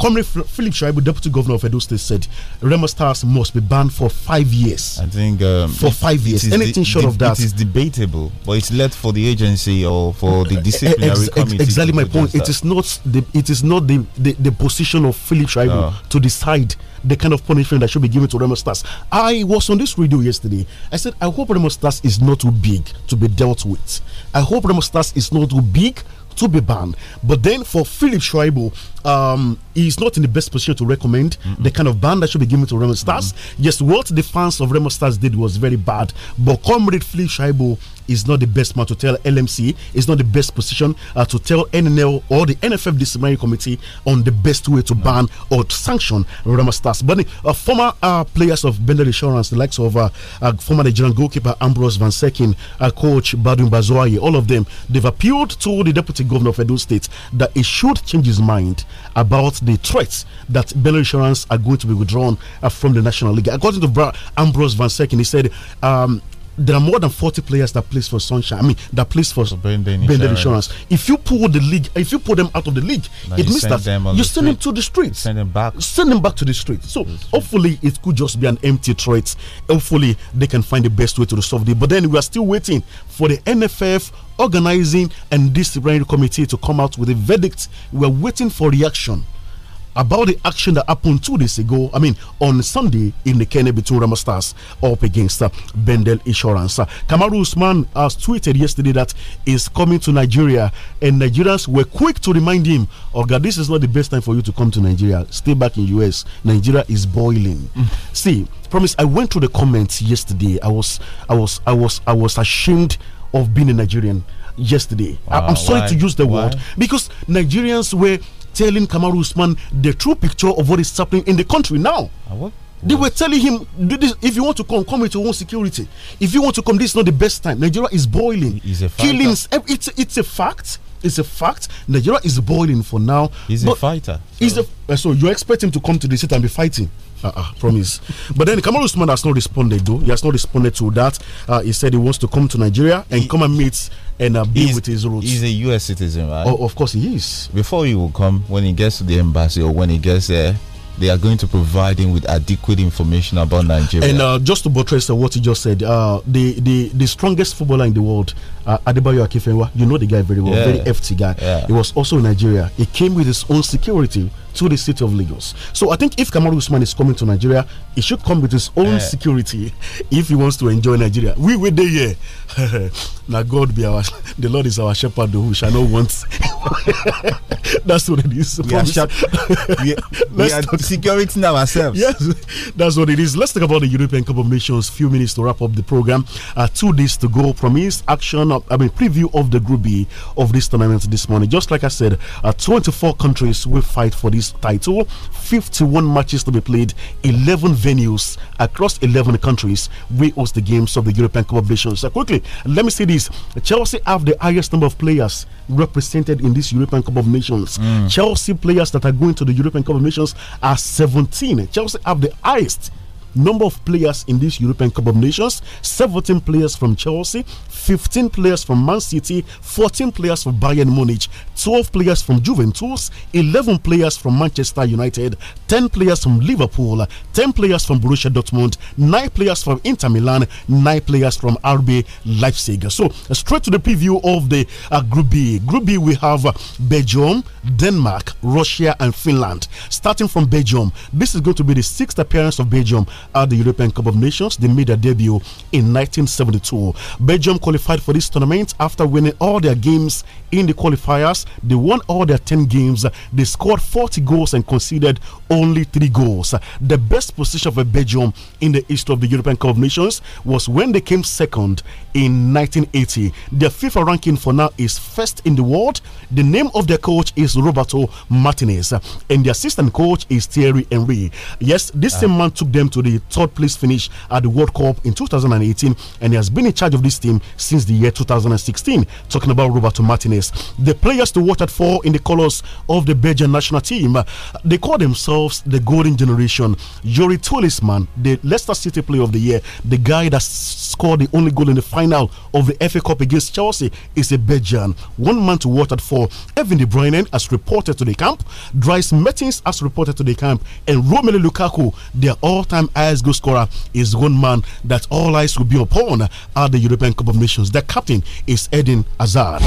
Comrade Philip Shaibu, Deputy Governor of Edo State, said Remo Stars must be banned for five years. I think um, for five years, anything short of that, it is debatable, but it's left for the agency or for the eh, eh, eh, disciplinary ex committee. Ex exactly my point. That. It is not the it is not the the, the position of Philip Shaibu no. to decide the kind of punishment that should be given to Remo Stars. I was on this radio yesterday. I said I hope Remo Stars is not too big to be dealt with. I hope Remo Stars is not too big to be banned. But then for Philip Schreiber, um, he's not in the best position to recommend mm the kind of ban that should be given to Remo Stars. Mm yes, what the fans of Remo Stars did was very bad. But comrade Philip Schreiber is not the best man to tell LMC, is not the best position uh, to tell NNL or the NFF disciplinary committee on the best way to no. ban or to sanction Rama Stars. But uh, former uh, players of Bender Insurance, the likes of uh, uh, former Nigerian goalkeeper Ambrose Van Sekin, uh, coach Badun Bazoye, all of them, they've appealed to the deputy governor of Edo State that he should change his mind about the threats that Bender Insurance are going to be withdrawn from the National League. According to Bra Ambrose Van Sekin, he said, um, there are more than 40 players that plays for Sunshine. I mean, that plays for Bender Insurance. Insurance. If you pull the league, if you pull them out of the league, it means that you send them to the streets. Send them back. Send them back to the streets. So the street. hopefully it could just be an empty threat. Hopefully they can find the best way to resolve it. But then we are still waiting for the NFF organizing and disciplinary committee to come out with a verdict. We are waiting for reaction about the action that happened two days ago, I mean, on Sunday in the Kenya between Rama up against uh, Bendel Insurance. Uh, Kamaru Usman has tweeted yesterday that he's coming to Nigeria, and Nigerians were quick to remind him, oh God, this is not the best time for you to come to Nigeria. Stay back in US. Nigeria is boiling. Mm. See, promise, I went through the comments yesterday. I was, I was, I was, I was ashamed of being a Nigerian yesterday. Wow, I'm sorry why? to use the why? word because Nigerians were telling Kamaru Usman the true picture of what is happening in the country now. Ah, they were telling him, this, if you want to come, come with your own security. If you want to come, this is not the best time. Nigeria is boiling. Killings, eh, it's, it's a fact. It's a fact. Nigeria is boiling for now. He's a fighter. So. He's a, eh, so you expect him to come to the seat and be fighting? Uh, uh, promise. but then Kamaru Usman has not responded though. He has not responded to that. Uh, he said he wants to come to Nigeria and he, come and meet and uh, be he's, with his roots. He's a U.S. citizen, right? Oh, of course he is. Before he will come, when he gets to the embassy or when he gets there, they are going to provide him with adequate information about Nigeria. And uh, just to buttress what you just said, uh, the, the the strongest footballer in the world, uh, Adebayo Akifenwa, you know the guy very well, yeah. very FT guy. Yeah. He was also in Nigeria. He came with his own security to the city of Lagos. So I think if Kamaru Usman is coming to Nigeria, he should come with his own uh, security if he wants to enjoy Nigeria. We will there here. now God be our the Lord is our shepherd who shall not want. that's what it is. We are, sharp, we, we are securing ourselves. Yes, that's what it is. Let's talk about the European Cup of Nations. Few minutes to wrap up the program. Uh, two days to go. Promise action. Of, I mean preview of the Group B of this tournament this morning. Just like I said, uh, 24 countries will fight for this this title. 51 matches to be played, 11 venues across 11 countries. We host the games of the European Cup of Nations. So quickly, let me say this Chelsea have the highest number of players represented in this European Cup of Nations. Mm. Chelsea players that are going to the European Cup of Nations are 17. Chelsea have the highest number of players in this European Cup of Nations 17 players from Chelsea, 15 players from Man City, 14 players from Bayern Munich, 12 players from Juventus, 11 players from Manchester United, 10 players from Liverpool, 10 players from Borussia Dortmund, 9 players from Inter Milan, 9 players from RB Leipzig. So, uh, straight to the preview of the uh, Group B. Group B, we have uh, Belgium, Denmark, Russia, and Finland. Starting from Belgium, this is going to be the sixth appearance of Belgium at the European Cup of Nations. They made their debut in 1972. Belgium qualified for this tournament after winning all their games in the qualifiers. They won all their 10 games. They scored 40 goals and conceded only three goals. The best position for Belgium in the history of the European Cup of Nations was when they came second in 1980. Their FIFA ranking for now is first in the world. The name of their coach is Roberto Martinez, and their assistant coach is Thierry Henry. Yes, this uh ah. -huh. same man took them to the the third place finish at the World Cup in 2018, and he has been in charge of this team since the year 2016. Talking about Roberto Martinez, the players to watch out for in the colours of the Belgian national team, they call themselves the Golden Generation. Yuri Tulisman, the Leicester City Player of the Year, the guy that scored the only goal in the final of the FA Cup against Chelsea, is a Belgian. One man to watch out for. Evan De Bruyne as reported to the camp. Dries Mertens as reported to the camp, and Romelu Lukaku, their all-time highest goal scorer is one man that all eyes will be upon at the European Cup of Nations. The captain is Eden Hazard.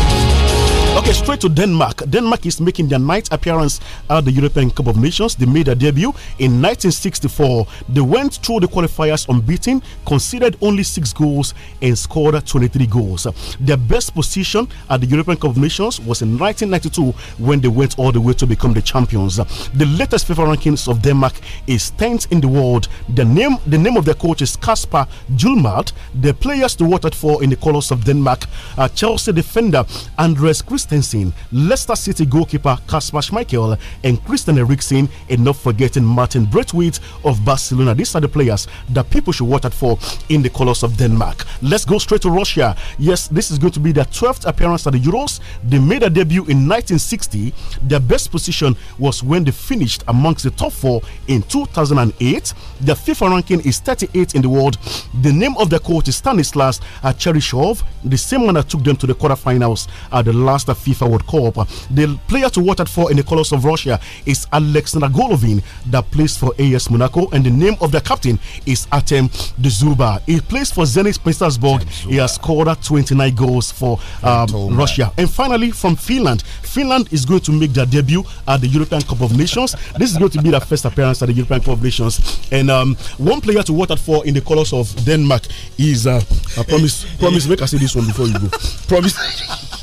Okay, straight to Denmark. Denmark is making their ninth appearance at the European Cup of Nations. They made their debut in 1964. They went through the qualifiers unbeaten, conceded only six goals, and scored 23 goals. Their best position at the European Cup of Nations was in 1992 when they went all the way to become the champions. The latest FIFA rankings of Denmark is 10th in the world. The name, the name of their coach is Kasper Julmart. The players to watch out for in the colours of Denmark are Chelsea defender Andres Christensen. Christensen, Leicester City goalkeeper Kasper Schmeichel, and Christian Eriksen, and not forgetting Martin Braithwaite of Barcelona. These are the players that people should watch out for in the colours of Denmark. Let's go straight to Russia. Yes, this is going to be their 12th appearance at the Euros. They made a debut in 1960. Their best position was when they finished amongst the top four in 2008. Their FIFA ranking is 38 in the world. The name of the coach is Stanislas Cherishov, the same one that took them to the quarterfinals at the last FIFA World Cup. The player to watch out for in the colours of Russia is Alex Nagolovin that plays for AS Monaco and the name of the captain is Artem Dzuba. He plays for Zenit Petersburg. He has scored 29 goals for um, Russia. And finally, from Finland, Finland is going to make their debut at the European Cup of Nations. this is going to be their first appearance at the European Cup of Nations. And um, one player to watch out for in the colours of Denmark is uh, I promise, promise, make I say this one before you go. Promise.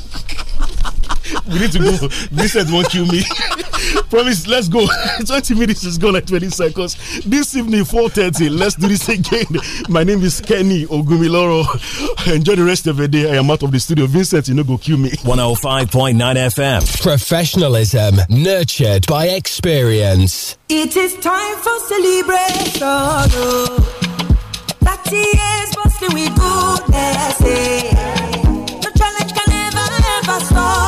we need to go. Vincent won't kill me. Promise, let's go. 20 minutes is gone like 20 seconds. This evening, 4.30, let's do this again. My name is Kenny Ogumiloro. Enjoy the rest of the day. I am out of the studio. Vincent, you know, go kill me. 105.9 FM. Professionalism nurtured by experience. It is time for celebration. Oh. 30 years with goodness. Eh. challenge can never ever stop.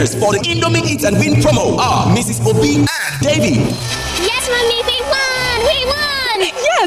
winners for the Indomie Eat and Win promo are ah, Mrs. Obi and Davy.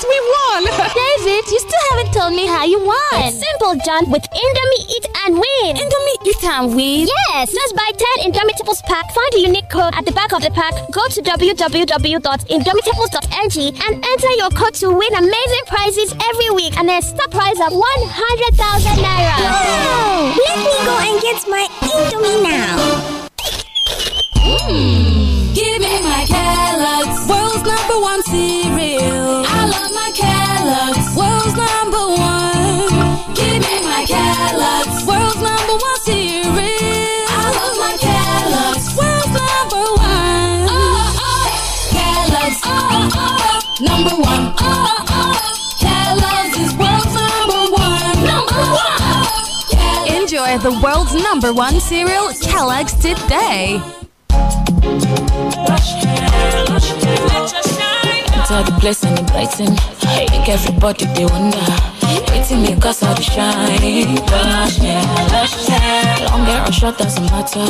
Yes, we won! David, you still haven't told me how you won. It's simple, John. With Indomie Eat and Win. Indomie Eat and Win? Yes! Just buy 10 Indomitables pack, find the unique code at the back of the pack, go to www.indomitables.ng and enter your code to win amazing prizes every week and a star prize of 100,000 Naira. Wow! Let me go and get my Indomie now. Mm. Give me my Kellogg's, world's number one cereal. of the world's number one cereal, Kellogg's Today. It's all the blessing and blessing. Make everybody they wonder. Waiting me cause all the shine. Lush hair, lush hair. Long hair or short doesn't matter.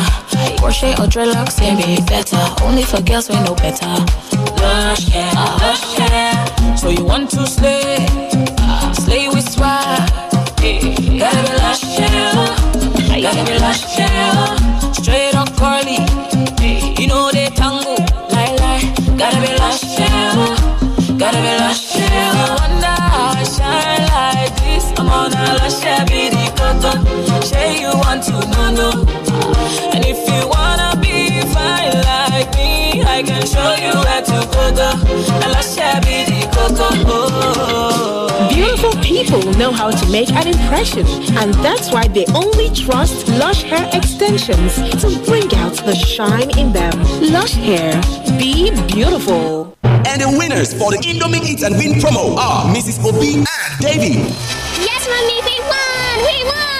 Crochet or dreadlocks can be better. Only for girls we know better. Lush hair, lush hair. So you want to slay? Slay with swag. Gotta be lush hair. Gotta be Straight up curly. You know they tango. Lie, lie. Gotta be Gotta be wonder I shine like this. I'm on a Say you want to know, And if you wanna be fine like me, I can show you where to go, go. A lush, yeah, be the people know how to make an impression, and that's why they only trust Lush Hair Extensions to bring out the shine in them. Lush Hair, be beautiful. And the winners for the Indomie Eat and Win promo are Mrs. Obi and Davy. Yes, mommy, we won! We won!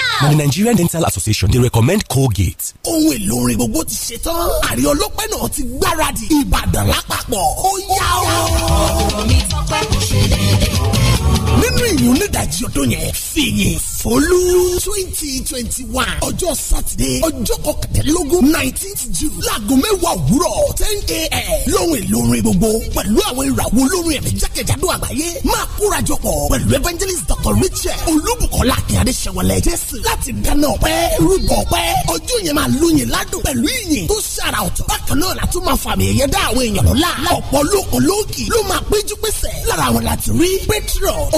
na the Nigerian Dental Association dey recommend Colgate. ohun èlò orin gbogbo ti ṣe tán àrí ọlọ́pẹ́ náà ti gbáradì Ìbàdàn lápapọ̀ ó yá o. ọ̀rọ̀ mi tọ́pẹ́ kò ṣe déédéé nínú ìyún nídàjí ọdún yẹn fìyìn fọlú twenty twenty one ọjọ́ sátidé ọjọ́ kọkàndínlógún nineteenth june láago mẹ́wàá òwúrọ̀ ten a.m. lóhùn ìlórin gbogbo pẹ̀lú àwọn ìràwọ̀ olórin ẹ̀mí jákèjádò àgbáyé máa kórajọ pọ̀ pẹ̀lú evangelist dr richard olúbùkọ́lá akínyàdé ṣẹ̀wọ̀lẹ̀ jésù láti dáná ọpẹ́ rúbọ ọpẹ́ ọjọ́ yẹn máa lóyin ládùn pẹ̀lú ìyìn tó ṣàrà ọ̀tọ̀ bákan náà la tún máa fàmì ẹ̀yẹ dá àwọn èèyàn lọ́la ọ̀pọ̀ lóko lóòkì ló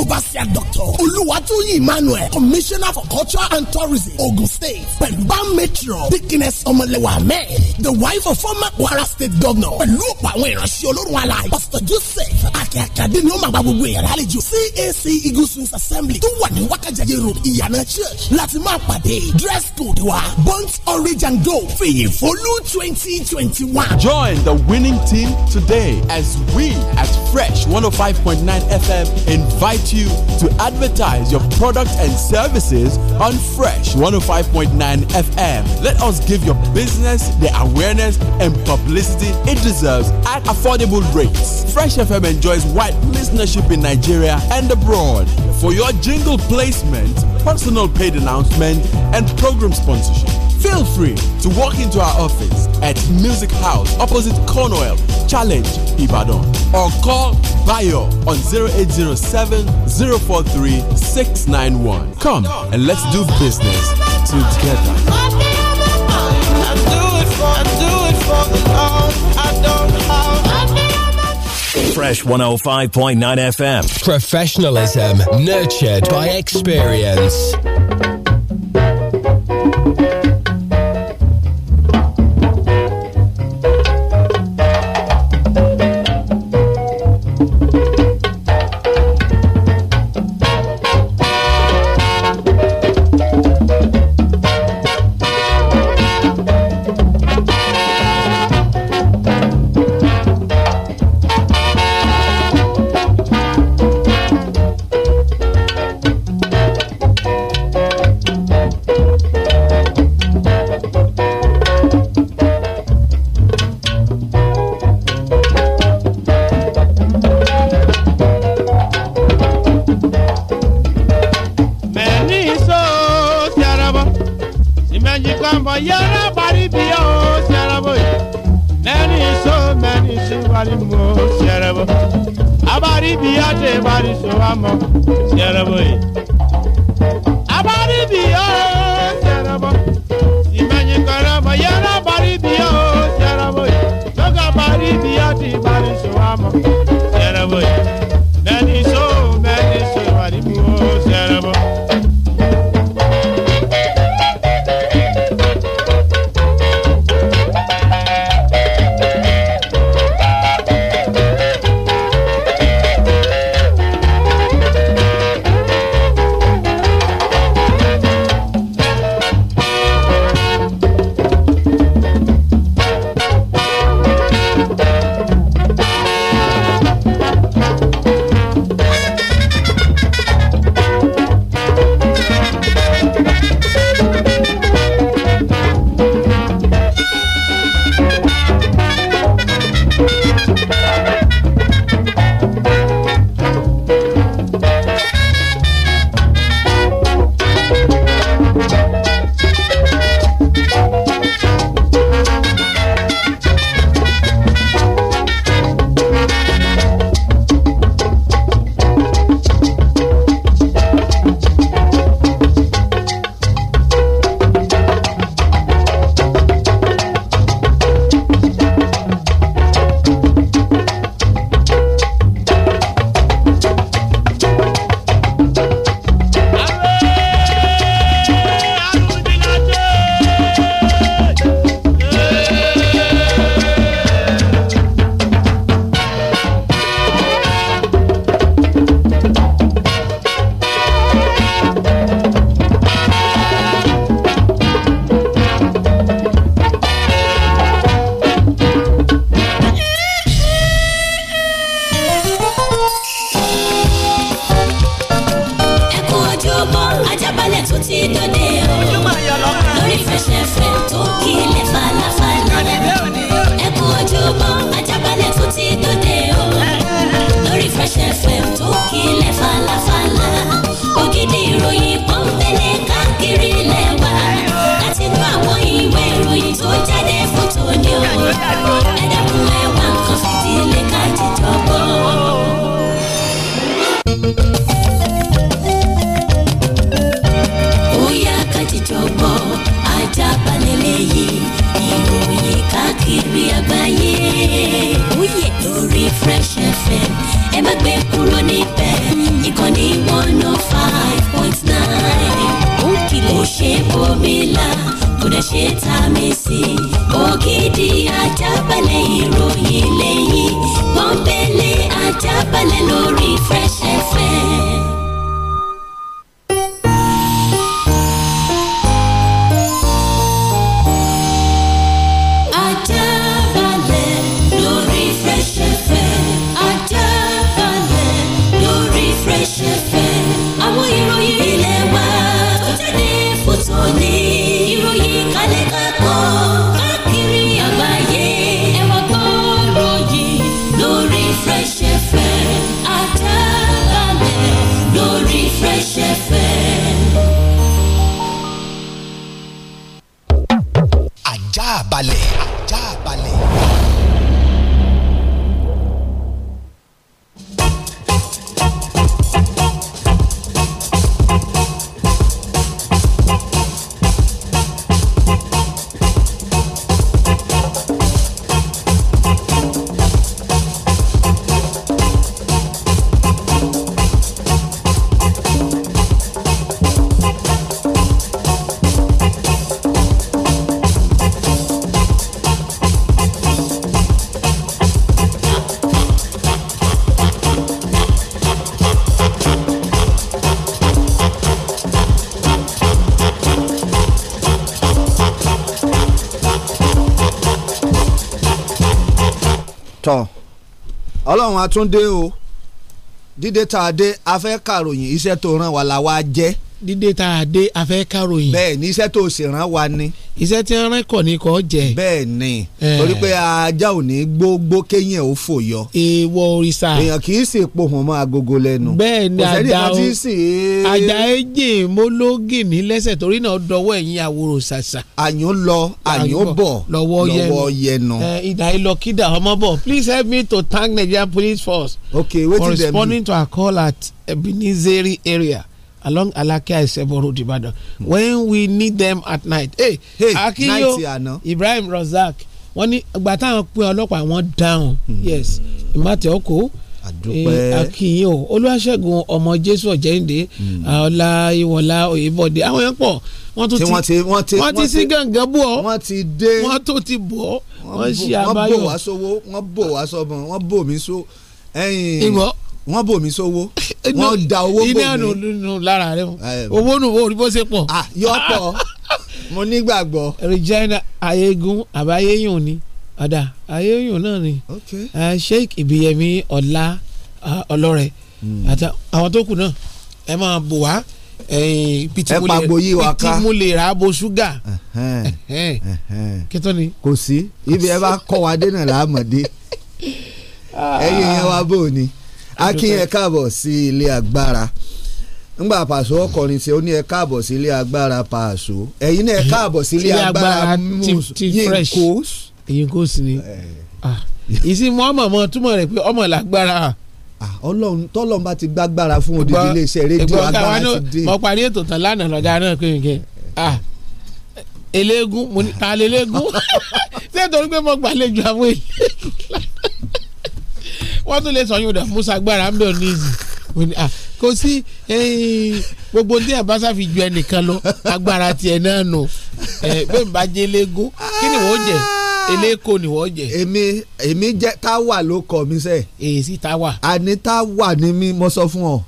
overseer doctor olùwàtúyìn emmanuel commissioner for culture and tourism ogun state pẹ̀lú bá matron dikines ọmọlẹ́wà ahmed the wife of former kwara state governor pẹ̀lú ọ̀pọ̀ àwọn ìránṣẹ́ olórun alaye pastor joseph akíakíadé ni ó máa gba gbogbo ìyàrá àlejò cac eagle swings assembly tó wà ní wákàjáde road ìyànà church láti máa pàdé dress code wa burnt orange and gold fìyìn fólú twenty twenty one. join the winning team today as we at fresh one oh five point nine fm invite you you to advertise your product and services on Fresh 105.9 FM. Let us give your business the awareness and publicity it deserves at affordable rates. Fresh FM enjoys wide listenership in Nigeria and abroad. For your jingle placement, personal paid announcement, and program sponsorship Feel free to walk into our office at Music House opposite Cornwell Challenge Ibadan or call Bayo on 0807 043 691. Come and let's do business together. Fresh 105.9 FM. Professionalism nurtured by experience. Fresh FM tó kílẹ̀ falafala. ẹ kú ojúmọ́ ajábalẹ̀ tó ti dòde o. lórí Fresh tó kílẹ̀ falafala. ògidì ìròyìn pọ́npẹ́lẹ́ káàkiri lẹ́wà. láti inú àwọn ìwé ìròyìn tó jáde fún tòní o. ẹ ẹwà nǹkan fìdílé ká jíjọ gbọ́. káàkiri àgbáyé. Oyè lórí Refresh FM ẹ má gbé kúrò níbẹ̀ ìkànnì one oh five point nine. Ó kìlọ̀ ṣe bòmílà kò ṣe tá a sí. Ògidì ajábalẹ̀ ìròyìn lẹ́yìn pọ́npẹ́lẹ́ ajábalẹ̀ lórí Refresh FM. a tún dé o dídé tá a dé a fẹ́ kàròyìn iṣẹ́ tó ràn wá la wá jẹ́. dídé tá a dé a fẹ́ kàròyìn. bẹ́ẹ̀ ni iṣẹ́ tó sì ràn wá ni iṣẹ́ tí wọ́n rán kọ̀ ní kọ́ jẹ. bẹ́ẹ̀ ni torí pé ajá ò ní gbogbo kéyìn ò fò yọ. èèwọ̀ òrìṣà. èèyàn kì í sì pohùn mọ́ agogo lẹ́nu. bẹ́ẹ̀ ni àdá o àdá ẹ̀jẹ̀ mọ́lógì ní lẹ́sẹ̀ torí náà dọwọ́ ẹ̀yìn àwòrò ṣàṣà. àyùn lọ àyùn bọ̀ lọ́wọ́ yẹnu. ìdá ìlọkídà ọmọ bọ̀ please help me to thank Nigerian police force. okay wetin dem mean corresponding to our call at Ebenezeri area along Alakia Isebo Road Ibadan mm. when we need them at night. Hey, hey, Akiyo Ibrahim Razak. wọ́n ní ìgbà táwọn pé ọlọ́pàá wọn dáhùn hmm. yes ìmọ̀tẹ́ ọkọ̀ eh, akínyìn o olúwaṣẹ́gun ọmọ jésù ọ̀jẹ̀ǹde hmm. ọlá ìwọlá òyìnbọ̀dé àwọn yẹn pọ̀ wọ́n tún ti wọ́n ti sí gàngán bọ̀ wọ́n ti dé wọ́n tó ti bọ̀ wọ́n ṣe àbáyọ. wọ́n bò wá sówó wọ́n bò wá sọ́mọ wọ́n bò mí só. ìwọ wọ́n bòmí sowo. Eh, eh, wọ́n da owó bòmí. iná nù lára rẹ o eh, owó nù orí bó ṣe pọ̀. Ah, yọ pọ̀ mo nígbàgbọ́. regina ayegun àbáyéyùn ni ọ̀dà ayegun náà ni sheikh ibiyemi ọ̀la ah, ọlọ́rẹ̀ hmm. àti àwọn tó kù náà ẹ máa bò wá pitimule raabo ṣúgà kí tó ni. kò sí ibi ẹ bá kọ́ wa dé náà láàmọ̀dé ah. ẹ̀yin yẹn wá bò ni akin ẹ káàbọ̀ sí ilé agbára ngba pàṣọ ọkọrin tí ó ní ẹ káàbọ̀ sí ilé agbára pàṣọ ẹ̀yin náà ẹ káàbọ̀ sí ilé agbára yinkos. yinkos ni ah, ìsìn mọ́ ọmọ mọ́ túmọ̀ rẹ̀ pé ọmọ làgbára ọlọ́run tọ́lọ́run bá ti gbàgbára fún odidi iléeṣẹ́ rédíò agbára ti dé. mo parí ètò tán lánàá lọ́jà náà pé nǹkan eléégún mo ní ta lé eléégún ṣé torí pé mo gbàlejò àwọn eléégún wọ́n tún lè sọ yóò dà musa gbára ń bẹ̀ ọ́ ní ìzì kò sí gbogbo ní àbáṣà fi ju ẹnìkan lọ agbára tiẹ̀ náà nù bẹ́ẹ̀ bá jẹ́ eléégún kí ni wọ́n jẹ́ eléko ni wọ́n jẹ. èmi èmi jẹ táwà ló kọ mi sẹ. èyí sì táwà. àní táwà ni mi mo sọ fún ọ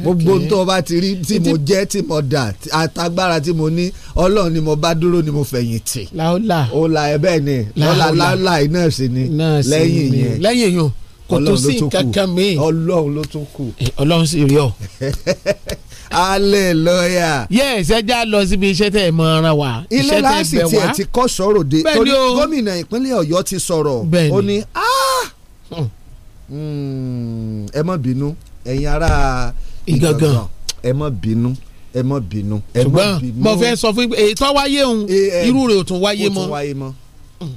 gbogbo tó bá ti rí tí mo jẹ tí mo dà àtagbára tí mo ní Ọlọ́run ni mo bá dúró ni mo fẹ̀yìn tì. láòlà òòlà ẹ bẹ́ẹ̀ ni lọ́la láòlà iná sí ni lẹ́yìn yẹn. lẹ́yìn yẹn kò tó sí nǹkan kan míì ọlọ́run ló tún kù eh, ọlọ́run sì rí ọ. hallelujah. yes ẹ já lọ síbi iṣẹ́ tẹ̀ mọ ara wa. ilé láàsì tiẹ̀ ti kọ́ sọ̀rọ̀ de torí gómìnà ìpínlẹ̀ ọ̀yọ́ ti sọ̀rọ̀ ó ní ah! hmm. Hmm, ẹ má bínú ẹ̀yin ará ìgangan ẹ má bínú ẹ má bínú. ṣùgbọ́n mo fẹ́ sọ fún yín èyí tó wáyé òun eh, eh, irú rẹ̀ ò tún wáyé mọ́.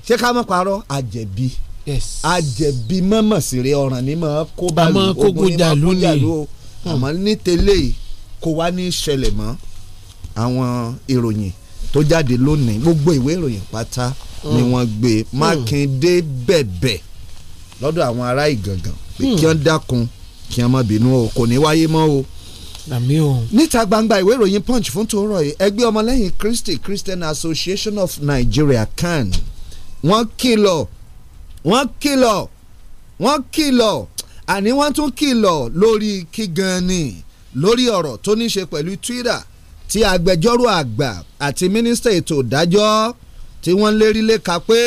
ṣé ká mọ̀ parọ́ àjẹ̀bí àjẹbí mọ̀mọ̀ sí rẹ ọ̀ràn ní mọ̀ kó bá lù ogun ní mọ̀ kó jà lù o hmm. àmọ́ ní tẹ́lẹ̀ kó wá ní ìṣẹ̀lẹ̀ mọ́ àwọn ìròyìn tó jáde lónìí gbogbo ìwé ìròyìn pátá ni hmm. wọ́n gbé hmm. Mákindé bẹ̀bẹ̀ lọ́dọ̀ àwọn ará Ìgàngàn kí wọ́n dákun kí wọ́n má bínú o kò ní wáyé mọ́ o. níta gbangba ìwé ìròyìn punch fún tòórọ yìí ẹgbẹ́ ọmọlẹ́yìn Christi Christian Association of Nigeria CAN wọ́n kìlọ̀ wọ́n kìlọ̀ wọ́n kìlọ̀ àní wọ́n tún kìlọ̀ lórí kí gan ni lórí ọ̀rọ̀ tó ní ṣe pẹ̀lú Twitter tí agbẹjọ́rò àgbà àti mínísítà ètò ìdájọ́ tí wọ́n lérí léka pé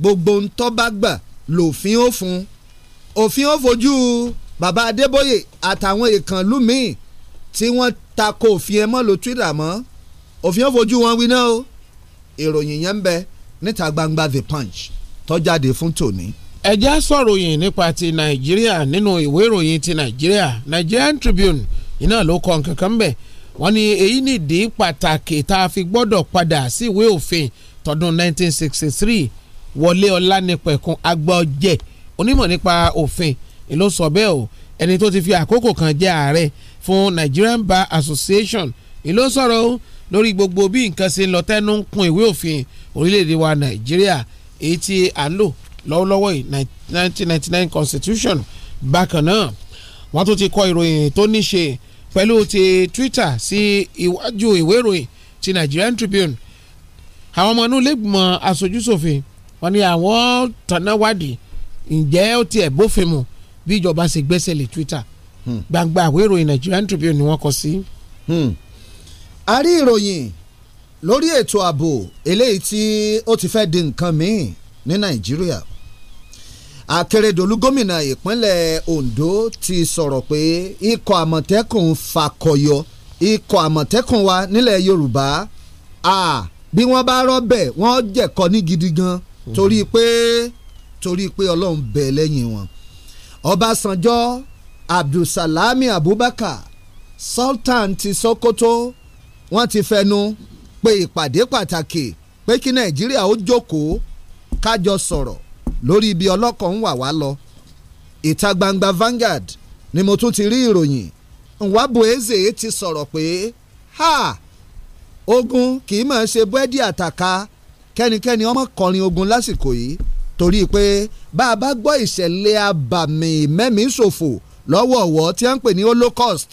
gbogbo ń tọ́ bá gbà lòfin ó fún òfin ó fojú bàbá Adébóyè àtàwọn ìkànnlú míì tí wọ́n takò òfin ẹ mọ́ lo Twitter mọ́ òfin ó fojú wọn wí náà o ìròyìn yẹn ń bẹ níta gbangba The Punch tó jáde fún tòní. ẹja sọ̀rọ̀ yìí nípa ti nàìjíríà nínú ìwé ìròyìn ti nàìjíríà Nigerian Tribune iná ló kọ nǹkan kan bẹ̀ wọ́n ní èyí nìdí pàtàkì tá a fi gbọ́dọ̀ padà sí ìwé òfin tọdún 1963 wọlé ọlánipẹ̀kun agbọ́jẹ̀ onímọ̀ nípa òfin ló sọ bẹ́ẹ̀ o ẹni tó ti fi àkókò kan jẹ́ ààrẹ fún Nigerian Bar Association ló sọ̀rọ̀ o lórí gbogbo bí nǹkan ṣe ń lọ tẹ́nu ń kun ìwé òfin orílẹ̀-èdè wa Nàìjíríà èyí tí à ń lò lọ́wọ́lọ́wọ́ yìí 1999 constitution bákan náà wọ́n tún ti kọ ìròyìn tó ní ṣe pẹ̀lú ti Twitter sí iwájú ìwé ìròyìn ti Nigerian Tribune àwọn ọmọ inú lẹ́gbọ̀n aṣojúṣòfin wọ́n ní àwọn tọ̀nà wádìí ǹjẹ́ ó tiẹ̀ bófin mu bí ìjọba ṣe gbẹ́sẹ̀ lé Twitter hmm. gbangba ìwé ìròyìn Nigerian Tribune ni wọ́n kọ sí. Hmm. a rí ìròyìn lórí ètò ààbò eléyìí tí ó ti fẹ́ di nǹkan míì ní nàìjíríà akérèdọ́lù gómìnà ìpínlẹ̀ ondo ti sọ̀rọ̀ pé ikọ̀ àmọ̀tẹ́kùn fakọyọ ikọ̀ àmọ̀tẹ́kùn wa nílẹ̀ yorùbá a bí wọ́n bá rọ́bẹ̀ wọ́n jẹ̀kọ́ ní gidi gan torí pé torí pé ọlọ́run bẹ̀ lẹ́yìn wọn ọbásanjọ́ abdulsalami abubakar sultan ti sokoto wọ́n ti fẹnu pé ìpàdé pàtàkì pé kí nàìjíríà ó jókòó kájọ sọ̀rọ̀ lórí ibi ọlọ́kọ̀ ń wà wá lọ ìta gbangba Vanguard ni mo tún ti rí ìròyìn nwabu eze ti sọ̀rọ̀ pé ha ogun kì í máa ṣe búrẹ́dì àtàkà kẹ́nikẹ́ni ọmọ kọrin ogun lásìkò yìí torí pé bá a bá gbọ́ ìṣẹ̀lẹ̀ abàmì mẹ́mìí ṣòfò lọ́wọ́ọ̀wọ́ tí a ń pè ní holocaust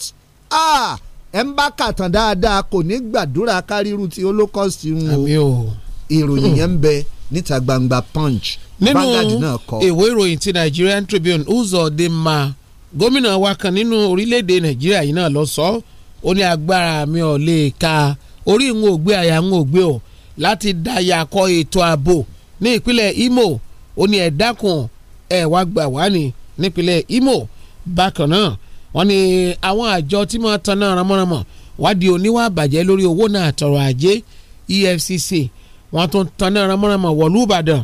ah ẹ ń bá kàtàn dáadáa kò ní gbàdúrà káríru ti holocaust ń wo ìròyìn yẹn hmm. ń bẹ níta gbangba punch nínú ìwé ìròyìn ti Nigerian Tribune Uzodinma gómìnà wa kan nínú orílẹ̀-èdè Nàìjíríà yìí náà lọ sọ ó ní agbára mi ò lè ka orí ń ò gbé àyà ń ò gbé o láti dàyà kọ ètò ààbò ní ìpínlẹ̀ Imo ó ní ẹ dákun ẹ wá gbà wá ní nípínlẹ̀ Imo bákan náà wọ́n ní àwọn àjọ tí wọ́n tan náà ránmọ́ránmọ́ wádìí oníwà àbàjẹ́ lórí owó náà tọrọ ajé EFCC wọ́n tún tan náà ránmọ́ránmọ́ wọ̀lú Ìbàdàn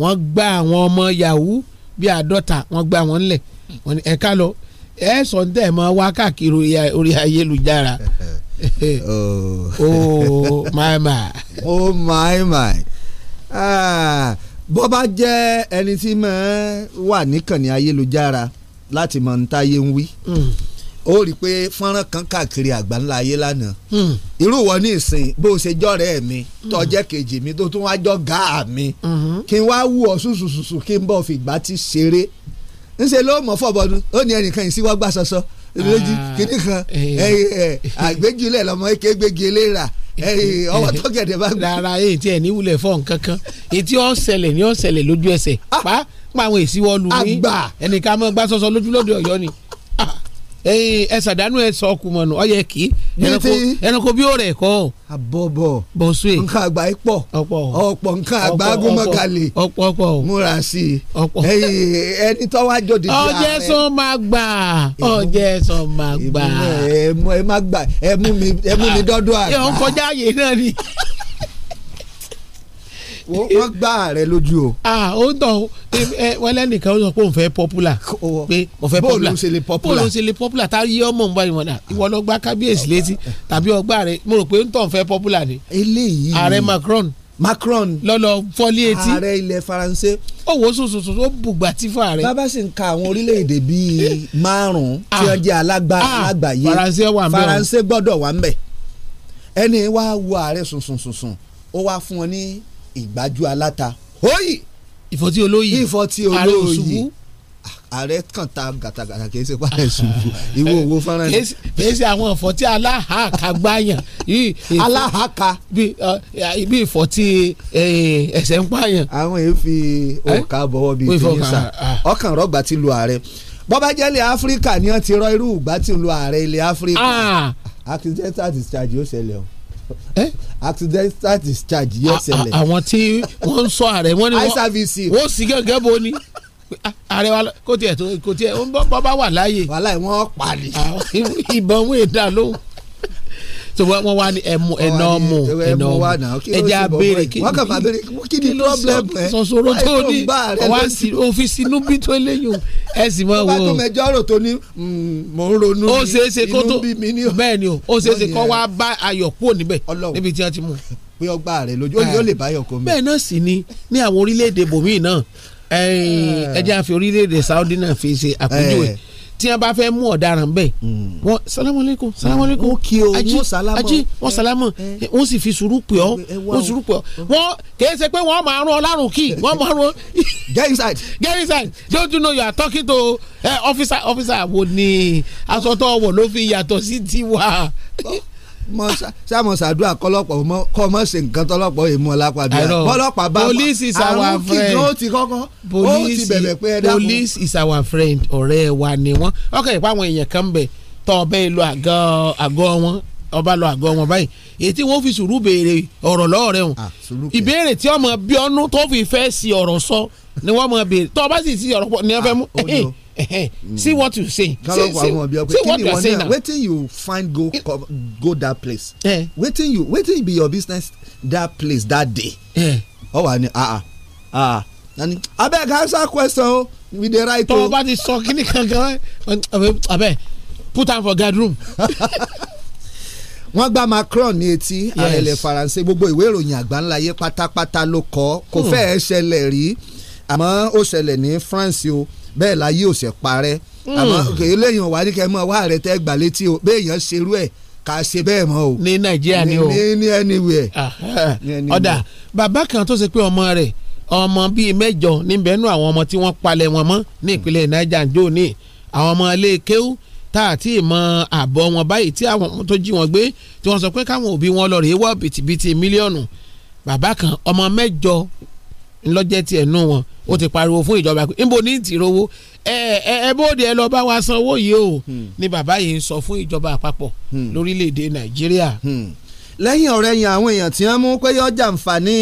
wọ́n gba àwọn ọmọ yahoo bíi àádọ́ta wọ́n gba wọn lẹ̀ wọ́n ní ẹ̀ka lọ ẹ̀ sọ̀ ń tẹ̀ mọ́ wá káàkiri orí ayélujára oh. oh. my my. oh my my. Ah, bó bá jẹ́ ẹni tí mo wà níkànnì ayélujára láti mọ̀ ní táyé ń wí hmm. ó rí i pé fọ́nrán kan káàkiri àgbáńlá ayé lánàá hmm. irú wọn ní ìsìn bó o ṣe jọ́rẹ́ mi hmm. tọ́jẹ́ kejì mi tó tún wá jọ́ gáà mi kí n wá wú ọ ṣùṣùṣùṣù kí n bọ̀ fìgbà ti ṣeré ńṣe ló mọ̀ fọ́bọ̀dún ó ní ẹnìkan ìsíwọ́gbà sọ́sọ́ lójú kìnnì kan ah. eh. àgbéjúlẹ̀ lọ́mọ eke gbégi eléra ọwọ́ tó gẹ̀dẹ̀ bá gbé. rárá èyí tí ẹ̀ ní ó ṣẹlẹ̀ lójú ẹsẹ̀ ah. pa pa àwọn èsì wọlù ní ẹnìkan mọ́ gbásọ́sọ́ lójúlódé ọ̀yọ́ ni ah, eh, ẹ sàdánù ẹ sọ ọkùnmọ̀ nù ọyẹ kí ẹranko bí ó rẹ̀ kọ́. àbọ̀bọ̀ bọ̀sùwẹ̀ nǹkan àgbà yìí pọ̀ ọ̀pọ̀ nǹkan àgbà agunmọ̀gàlè múra sí i ẹni tó wá jọ dìde ààrẹ. ọjẹ́ sọ máa gbà ọjẹ́ sọ máa gbà. ẹ mú mi ah, dọ́dọ̀ àgbà. ẹ ń kọjá àyè náà ni wọ́n gbá rẹ lójú o. ah ó ń tọ ẹ wọn lẹ́nìkan ó sọ pé òun fẹ́ popular pé òun fẹ́ popular bóòlù ṣe lè bóòlù ṣe lè popular yí ọmọ nbọ ìwọ̀n náà ìwọ lọ gbá kábíyèsí létí tàbí ọgbà rẹ mo rò pé ń tọ̀ ń fẹ́ popular ni. eléyìí ààrẹ Macron Macron lọ́lọ́ fọ́lí etí ààrẹ ilẹ̀ Faransé. ó wo sòsòsò ó bùgbà tí fún ààrẹ. bàbá sì ń ka àwọn orílẹ̀-èdè bíi márùn-ún tí wọ́n jẹ́ ah, ah, alágbàáyé Faransé gbọ́dọ̀ wà ń bẹ̀ ẹni wá wo ó wá fún ọ ní ìgbájú aláta hóyì ìfọ̀tí olóyè ìfọ̀tí olóyè ààrẹ kàn ta gàtàgàtà kì í ṣe pàrẹ ṣubú ìwé owó fọ́nrán ni. kì í ṣe àwọn ìfọ̀tí aláhàkà gbáyàn. aláhàkà. bí ìfọ̀tí ẹsẹ̀ ń pààyàn. àwọn èèyàn fi òǹkà bọ̀wọ̀ bíi tìǹsà ọkàn rọgbà ti lu ààrẹ bọ́bá jẹ́ ilẹ̀ áfíríkà ni wọ́n ti rọ irú ìgbà tí ń lu ààrẹ ilẹ̀ áfíríkà accidental ah. discharge ó ṣẹlẹ̀ o accidental discharge yóò ṣẹlẹ̀. àwọn tí wọ́n ń sọ ààrẹ wọ́n ní wọ́n sì gẹ́gẹ́ bó ni ààrẹ wa kò tiẹ̀ kò tiẹ̀ bọ́ bá wà láàyè. wàhálà ìwọ̀n pàdé. ìbọn wíì dá lóhùn so wọ́n wá ní ẹmu ẹ̀nà ọmọ ẹ̀nà ọmọ ẹja abéèrè kí ni problem ẹ sọsọrọ tó ní ọwáǹsì òfìsì núbí tó léyìn ẹ sì mọ wo. bàbá tó mẹjọ rò tó ní hmm, mò ń ronú inú bí mi ní o. bẹ́ẹ̀ ni o ó ṣeé ṣe kó wá bá ayọ̀ kúrò níbẹ̀ níbi tí wọ́n ti mú. pé ọgbà rẹ lójú ó lè báyọ̀ kó mi. bẹ́ẹ̀ náà sì ni ní àwọn orílẹ̀-èdè bòmíì náà ẹ̀ẹ́n eh. ẹja fi orílẹ̀-èdè Saudi náà fi ṣe àpèjúwe. Eh tí wọ́n bá fẹ́ mú ọ̀daràn bẹ́ẹ̀ hmm. wọ́n salamu aleykum salamu Aji. Ah, ají ají wọ́n salamu eh, eh. wọ́n sì fi sùúrù pè ọ́ eh, wọ́n sùúrù pè ọ́ wọ́n kìí ṣe pé wọ́n máa rún ọ lárùn kì wọ́n máa rún. get inside. get inside don't you know you are talking to officer officer wo ni aṣọ tó wọ̀ ló fi yàtọ̀ sí tiwa sáàmù sàdúrà kọlọpọ kọ mọ ṣe nǹkan tọlọpọ èmu ọlápàdé bọlọpàá bá police is our friend àrùn kìdó ti kọkọ ó ti bẹ̀bẹ̀ pé ẹ dákun. police is our friend ọ̀rẹ́ wa ni wọ́n ọkọ̀ ìpá àwọn èèyàn kan bẹ̀ tọ́ ọbẹ̀ lọ àgọ́ wọn ọba lọ àgọ́ wọn báyìí èyí tí wọ́n fi sùúrù béèrè ọ̀rọ̀ lọ́wọ́ rẹ̀ ah, hùn ìbéèrè tí ọmọ bíọ́nú tó fi fẹ́ sí ọ̀rọ̀ sọ ni wọ́n mọ̀ see what you say. Mm. see, see, what you are saying now. wetin you find go go that place. Yeah. wetin you wetin be your business that place that day. ọwọ eh. ni ah ah ah abeg answer question o we dey write o. tọ́wọ́ bá ti sọ kíní kankan eh, abeg put am for guard room. wọ́n gba macron ní etí àrẹ̀lẹ̀ faransé gbogbo ìwé ìròyìn àgbáńláyé pátápátá ló kọ kò hmm. fẹ́ẹ̀ ṣẹlẹ̀ rí àmọ́ ó ṣẹlẹ̀ ní france o. bẹ́ẹ̀ la yóò ṣe parẹ́ hmm. àmọ́ eléyìí wà ní kẹ́ mọ́ wá rẹ̀ tẹ́ gbà létí o bẹ́ẹ̀ yẹn ṣerú ẹ̀ kà ṣe bẹ́ẹ̀ mọ́ o. ní nàìjíríà ni o ní ní ah, ah. anywhere. ọ̀dà bàbá kan tó ṣe pé ọmọ rẹ̀ ọmọ bíi mẹ́jọ níbẹ̀ nú àwọn ọmọ tí wọ́n palẹ̀ wọn mọ́ ní ìpínlẹ̀ niger and joe ní àwọn ọmọ ilé kéwú tá àti ìmọ̀ àbọ̀ wọn báyìí tí àwọn tó jí wọn gbé tí wọ́n sọ pé káwọn òbí wọn lọ rèé wọ́ bìtìbìtì mílíọ̀nù bàbá kan ọmọ mẹ́jọ ńlọ́jẹ́ tiẹ̀ nú wọn ó ti pariwo fún ìjọba pé níbo ní ìtìrówó ẹ ẹ bóde ẹ lọ bá wa sanwó yìí o hmm. ni bàbá yìí ń sọ fún ìjọba àpapọ̀ hmm. lórílẹ̀‐èdè nàìjíríà. Hmm. lẹ́yìn ọ̀rẹ́ yẹn àwọn èèyàn tí wọ́n mú pé yọ jàǹfààní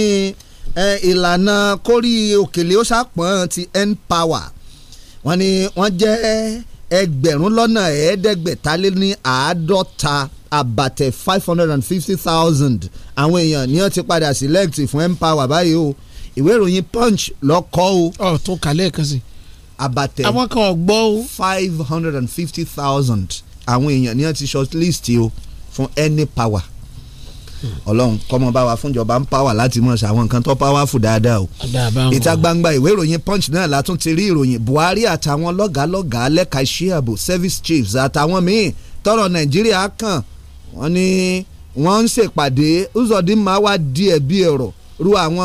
ìlànà kórí òkèlè ó ṣàpọ̀n ti npower wọ́n ní wọ́n jẹ́ ẹgbẹ̀rún lọ́nà ẹ̀ẹ́dẹ́gbẹ̀ta lé ní àádọ́ta àbàtẹ̀ five hundred and fifty thousand àwọn èèyàn ni wọ́n ti padà sílẹ̀kì fún npower báyìí o ìwé ìròyìn punch lọ́kọ́ o. ọ tún kàlẹ́ kan sí. abatẹ àwọn kan gbọ́ o. five hundred and fifty thousand àwọn èèyàn ni wọ́n ti shortlist o fún any power ọlọ́run kọ́mọ bá wa fúnjọba ń power. láti mọ̀ sí àwọn nǹkan tó pàwáfù dáadáa o. ìta gbangba ìwé ìròyìn punch náà látún ti rí ìròyìn buhari àtàwọn lọ́gàálọ́gàá lẹ́ka iṣẹ́ ààbò service chiefs àtàwọn míì tọrọ nàìjíríà kàn wọ́n ní wọ́n ń ṣèpàdé uzodinma wa di ẹ̀bi ẹ̀rọ ru àwọn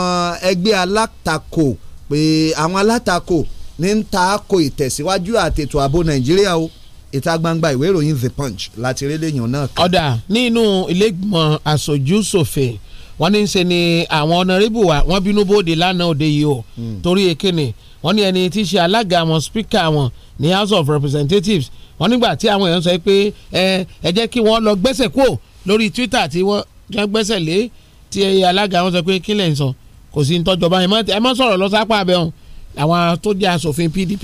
ẹgbẹ́ alátakò pé àwọn alátakò ní ń ta ko ìtẹ̀síwájú àti ètò ààbò Nàìjíríà o ìta gbangba ìwé ìròyìn The Punch láti rédíò náà. ọ̀dà nínú ilégbọ̀n aṣojú ṣòfin wọ́n ní í ṣe ni àwọn ọ̀nàrẹ́bù wa wọ́n bínú bóde lánàá òde yìí o hmm. torí èkéne wọ́n ní ẹni tí í ṣe alága àwọn spíkà wọn ní House of Representatives wọ́n nígbà tí àwọn èèyàn sọ pé ẹ ẹ jẹ́ kí wọ́n lọ gbẹ́sẹ̀ kúò lórí Twitter tí wọ́n gbẹ́sẹ̀ lé tí alága wọn sọ pé kílẹ̀ ń sọ kò sí ntọ́jọba ẹ má sọ̀rọ̀ lọ sápá abẹ́ wọn àwọn tó jẹ́ asòfin PDP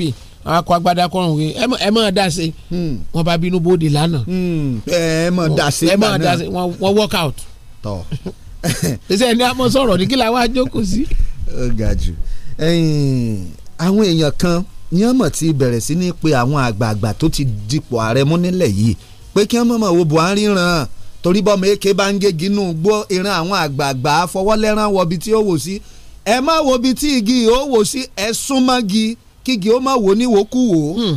akọ agbada kọrùn wí ẹ mọ̀ dá sí hmm. wọn bá bínú bóde lánàá. Hmm. ẹ mọ̀ dá sí ẹ mọ̀ dá sí wọn work out. tọ ṣe ẹni àmọ́ sọ̀rọ̀ ní kí làwọn àjókòó sí. ó ga jù àwọn èèyàn kan ni wọ́n mọ̀ ti bẹ̀rẹ̀ sí ní pé àwọn àgbààgbà tó ti dipò ààrẹ mú nílẹ̀ yìí pé kí wọ́n mọ̀ wo Buhari ràn án torí bọ́mọ èké bá ń gégi inú gbó ìran àwọn àgbààgbà fọwọ́lẹ́rán wọbi tí ó wò sí ẹ má wọbi tí igi ó wò sí ẹ súnmọ́gi kígi ó má wò níwòkúwò hmm.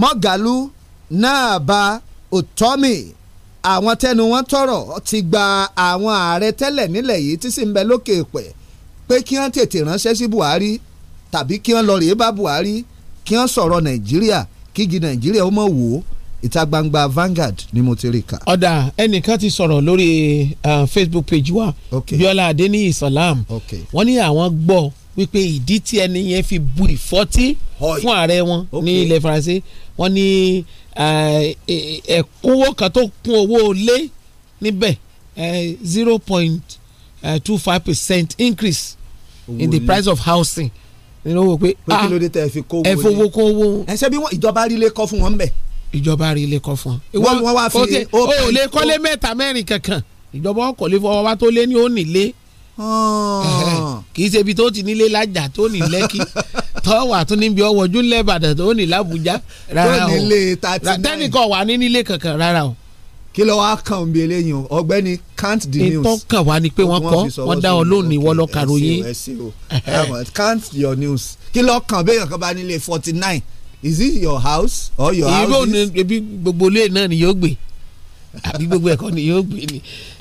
mọ́gàlú náà ba òtọ́mì àwọn tẹnu wọn tọrọ ti gba àwọn ààrẹ tẹ́lẹ̀ nílẹ̀ yìí tí sì ń bẹ lókè pẹ̀ pé kí wọ́n tètè ránṣẹ́ sí Buhari tàbí kí wọ́n lọ rèé bá Buhari kí wọ́n sọ̀rọ̀ Nàìjíríà kígi Nàìjíríà ó mọ̀ wò ìta gbangba Vanguard ni mo ti rí ka. ọ̀dà ẹnìkan ti sọ̀rọ̀ lórí Facebook page wa Biola Adeniyi Salam okay. wọ́n ní àwọn gbọ́ wípé ìdí tí ẹni yẹn fi bu ìfọ́tí fún ààrẹ wọn ní ilẹ̀ Faransé wọ́n ní ẹ̀kúnwó kan tó kún owó lé níbẹ̀ zero point two five percent increase in the price of housing. nínú owó pé ah ẹ fowó kó owó. ẹ ṣe bí ìjọba rí lé kọ́ fún wọn bẹ́ẹ̀ ìjọba rí ilé kọ́ fún ọ. wọ́n wá fi open o ò lè kọ́lé mẹ́ta mẹ́rin kankan ìjọba ọkọ̀ lè fọwọ́ wa tó lé ní ó nílé kì í ṣe ibi tó ti nílé lájà tó ní lẹ́kì tọ́wà tó níbi ọwọ́jú lẹ́bàdàn tó ní làbújá rárá o tẹ́nìkan wà ní nílé kankan rárá o. kí ló wá kàn bí eléyìí o ọ̀gbẹ́ni count the news. ìtọ́ kàn wá ni pé wọ́n kọ́ wọ́n dá ọ lónìí wọ́n lọ kàròyìn. count your news kí ló kàn bí èèyàn bá nílé forty nine is it your house or your house. ìró ni ebi gbogbo ilé náà ni yóò gbé àbí gbogbo ẹ̀kọ́ ni yóò gbé ni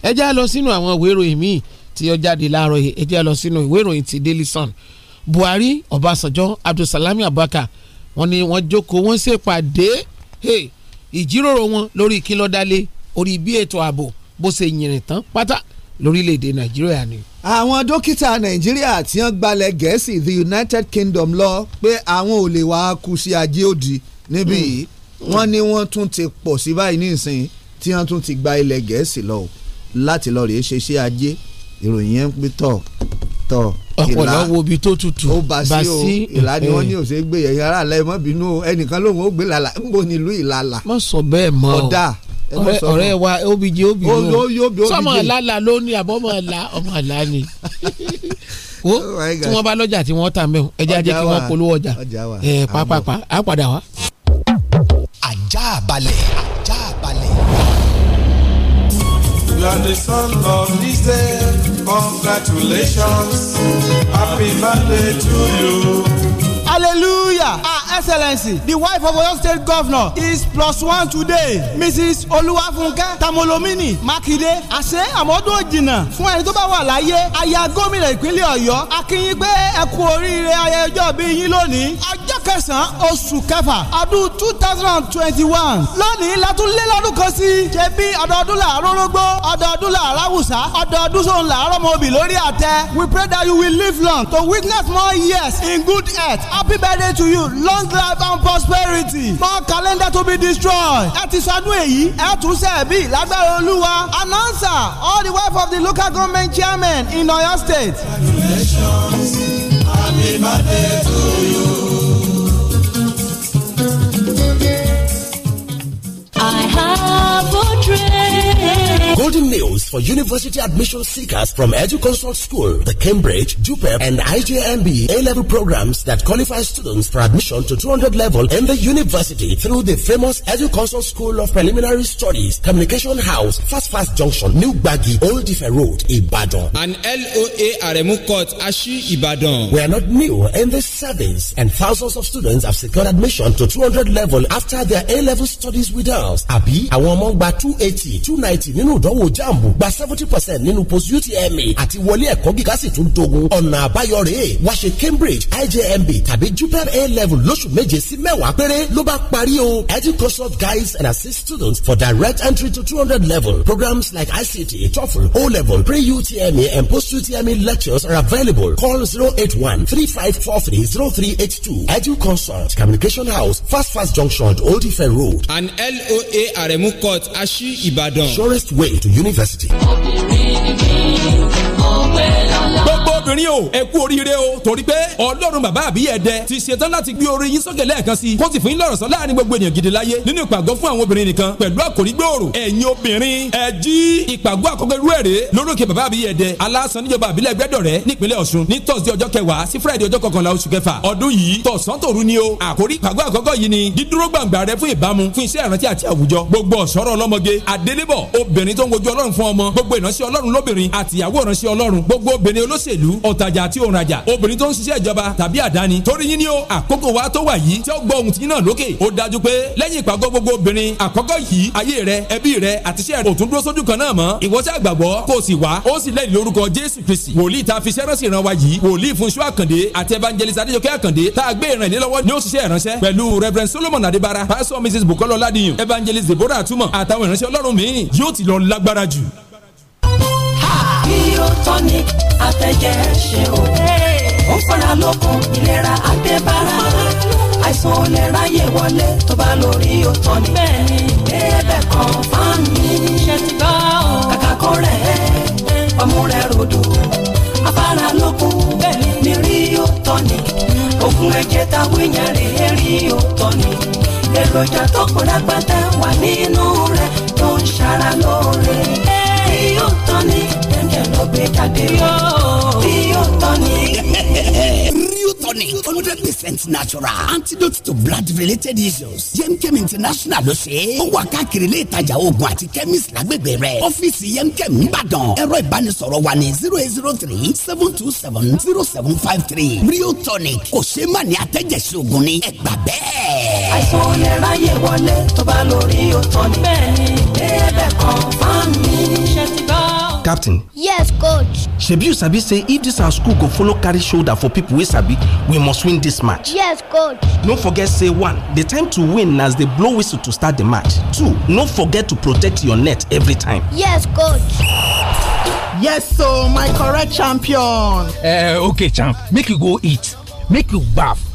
ẹ já lọ sínú àwọn ìwé ìròyìn míì tí ó jáde láàárọ̀ yìí ẹ já lọ sínú ìwé ìròyìn ti Daily Sun Buhari Ọbásanjọ́ Abdulsalami Abubakar wọ́n ní wọ́n jókòó wọ́n ṣèpàdé ìjíròrò wọn lórí kí orí bí ètò ààbò bó ṣe yìnrìn tán pátá lórílẹ̀‐èdè nàìjíríà ni. àwọn dókítà nàìjíríà tí wọ́n gbalẹ̀ gẹ̀ẹ́sì the united kingdom lọ pé àwọn ò lè wá kùsì ajé òdì níbí yìí hmm. wọ́n ní wọ́n tún ti pọ̀ sí báyìí nísìnyí tí wọ́n tún ti gba ilẹ̀ gẹ̀ẹ́sì lọ láti lọ rèé ṣe iṣẹ́ ajé ìròyìn yẹn ń pín tọ̀ tọ̀ ọ̀pọ̀lọ́ wo ibi tó tutù bá sí o ìlà ni wọ́n eh. ní òṣègbè yẹn yàrá àlẹ́ mọ́bìnú ẹnìkan lóun ó gbé làlà ń bo nílùú ìlàlà. mọ̀ sọ bẹ́ẹ̀ mọ́ ọ̀dà ọ̀rẹ́ wa obìjì obì o sọmọ lálá ló ní àbọ̀mọ̀ ọ̀la ọmọ ọ̀la ni o oh tí wọ́n bá lọ́jà tí wọ́n tà mẹ́ o ẹja kí wọ́n polówó ọjà pápápá á padà wá. ajá balẹ̀ ajá balẹ̀. You of this day. Congratulations. Happy birthday to you hallelujah her excellency the wife of Oyo state governor is plus one today mrs Oluwafunke Tamolomini Makinde àṣẹ àmọ́dún òjìnà fún ẹni tó bá wà láyé aya gómìnà ìpínlẹ̀ Ọ̀yọ́ akínyìn pé ẹ kú oríire ayẹyẹ ọjọ́ bí yín lónìí ọjọ́ kẹsàn-án oṣù kẹfà ọdún two thousand and twenty-one lónìí látún lé lọ́dún kan sí ṣe bí ọdọọdún làárọ̀ rógbó ọdọọdún làárọ̀ àwùsá ọdọọdún sóun làárọ̀ mọ́bì lórí àtẹ we pray that you will live long to witness more years in good health happy birthday to you long life and prosperity more calendar to be destroyed. ẹ ti sọdún èyí ẹ tún sẹ́ẹ̀bì lágbára olúwa announcer all the wife of the local government chairman in Oyo State. congratulations happy birthday to you. Golden news for university admission seekers from EduConsult School, the Cambridge, JUPEP, and IJMB A-level programs that qualify students for admission to 200 level in the university through the famous EduConsult School of Preliminary Studies, Communication House, Fast Fast Junction, New Baggy, Old Ife Road, Ibadan. And LOA Aremu Court, Ashi, Ibadan. We are not new in this service, and thousands of students have secured admission to 200 level after their A-level studies with us. At àbí àwọn ọmọ ń gba two eighty two ninety nínú ìdánwò jamb gba seventy percent nínú post utme àti wọlé ẹ̀kọ́ gíga sì tún dogun ọ̀nà àbáyọ rèé wá ṣe cambridge ijmb tàbí jupep a level lóṣù méje sí mẹ́wàá péré ló bá parí o educonsult guides and assist students for direct entry to two hundred level programs like ict toefl o level pre-utme and post-utme lectures are available call zero eight one three five four three zero three eight two educonsult communication house fast fast junction old ife road. an LOA Aremu court Aṣí Ìbàdàn. surest way to university. obìnrin mi ò lọ́la. gbogbo rin o ẹ kú oríire o torí pé ọlọ́run bàbá àbí ẹ̀dẹ ti ṣetán láti gbé orí yín sókè lẹ́ẹ̀kan sí kó sì fún yín lọ́rọ̀ sọ láàrin gbogbo ènìyàn gidi láyé nínú ìpàgọ́ fún àwọn obìnrin nìkan pẹ̀lú àkòrí gbòòrò ẹ̀yin obìnrin ẹ jí ìpàgọ́ àkọ́kọ́ irú ẹ̀rẹ́ lórókè bàbá àbí ẹ̀dẹ alásan níjọba àbílẹ̀ gbẹ́dọ̀rẹ́ nípínlẹ̀ ọ̀ṣun ní tọ́sídẹ̀ẹ́ ọjọ́ kẹwàá sí friday ọjọ́ kọkànlá oṣù kẹfà ọdún yìí tọ̀sán tòru ni o àkòrí ìpàgọ́ àkọ́kọ́ yìí ni dídúró gbàǹgbà rẹ fún ìbámu fún iṣẹ́ ìrántí àti àwùjọ gbogbo ọ̀ṣọ́rọ̀ ọlọ́mọge àdélébọ̀ obìnrin tó ń wojú ọlọ́run fún ọmọ gbogbo ìránṣẹ́ ọlọ́run lóbìnrin àtìyàwó ìránṣẹ́ ọlọ́run gbogbo obìnrin ọ̀tajà àti òǹrajà obìnrin tó ń ṣiṣẹ́ ìjọba tàbí àdáni torí yín ni ó àkókò wa tó wà yìí tí ó gbọ́ ohùn tí náà lókè ó dájú pé lẹ́yìn ìpàgọ́ gbogbo obìnrin àkọ́kọ́ yìí ayé rẹ ẹbí rẹ àtiṣẹ́ rẹ òtún dúró sójú kan náà mọ́ ìwọ́sẹ̀ àgbàgbọ́ kò sì wá ó sì lẹ́yìn lórúkọ Jésù Kristi wòlíì ta fi sẹ́rọ̀sì ìran wa yìí wòlíì Fúnṣọ́ Àkàndé àti evangelist Adéjọkẹ́ Àkàndé tá a gbé ìrànlélọ́wọ́ Solomon Adébára Pastor Mrs Bukola Ọládìyàn evangelist Deborah Atumọ̀ àtàwọn ìránṣẹ́ Ọlọ́run míì yóò ti lọ lágbára Biotonik àtẹ̀jẹ́ ṣe o. ó ń fara lókun ìlera àgbẹ̀bára. àìsàn ò lè ráyè wọlé tó bá lo Biotonik. bẹ́ẹ̀ni ẹ̀ẹ́dẹ̀ kan fáàmì. ṣe ti gbọ́ o. kàkà kó rẹ̀ ọmú rẹ̀ rodò. afára lókun bẹ́ẹ̀ni ni Biotonik. ògùn ẹ̀jẹ̀ ta wíyàn rè é Biotonik. èròjà tó kù lágbàtà wà nínú rẹ̀ tó ń ṣara lóore gbé jáde o. Rio tonic. Rio tonic hundred percent natural antidote to blood related issues. Yemkem International ló ṣe é. Ó wà káàkiri ilé ìtajà oògùn àti chemist lágbègbè rẹ̀. Ọ́fíìsì Yemkem Nìbàdàn. Ẹ̀rọ ìbánisọ̀rọ̀ wà ní zero eight zero three seven two seven zero seven five three. Rio tonic kò ṣe é mà ní atẹ́jẹsí oògùn ni. Ẹ gbà bẹ́ẹ̀. Àìsàn olè ráyè wọlé tó bá lórí Rio tonic. Bẹ́ẹ̀ni, ẹ bẹ̀ kàn fún mi. Ṣé ti gbọ́? captain yes coach shebi you sabi say if dis our school go follow carry shoulder for pipo wey sabi we must win dis match yes coach no forget say one di time to win na as dey blow whistle to start di match two no forget to protect your net every time yes coach yes so my correct champion Uh, okay champ make you go eat make you baff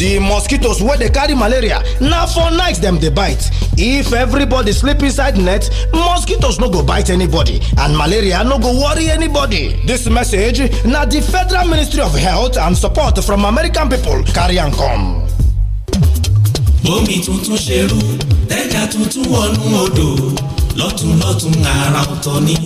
the mosquitoes wey dey carry malaria na for night dem dey bite if everybody sleep inside net mosquitoes no go bite anybody and malaria no go worry anybody dis message na di federal ministry of health and support from american pipo carry am come. bómi tuntun ṣerú tẹ́jà tuntun wọnú odò lọ́tún lọ́tún àrà ni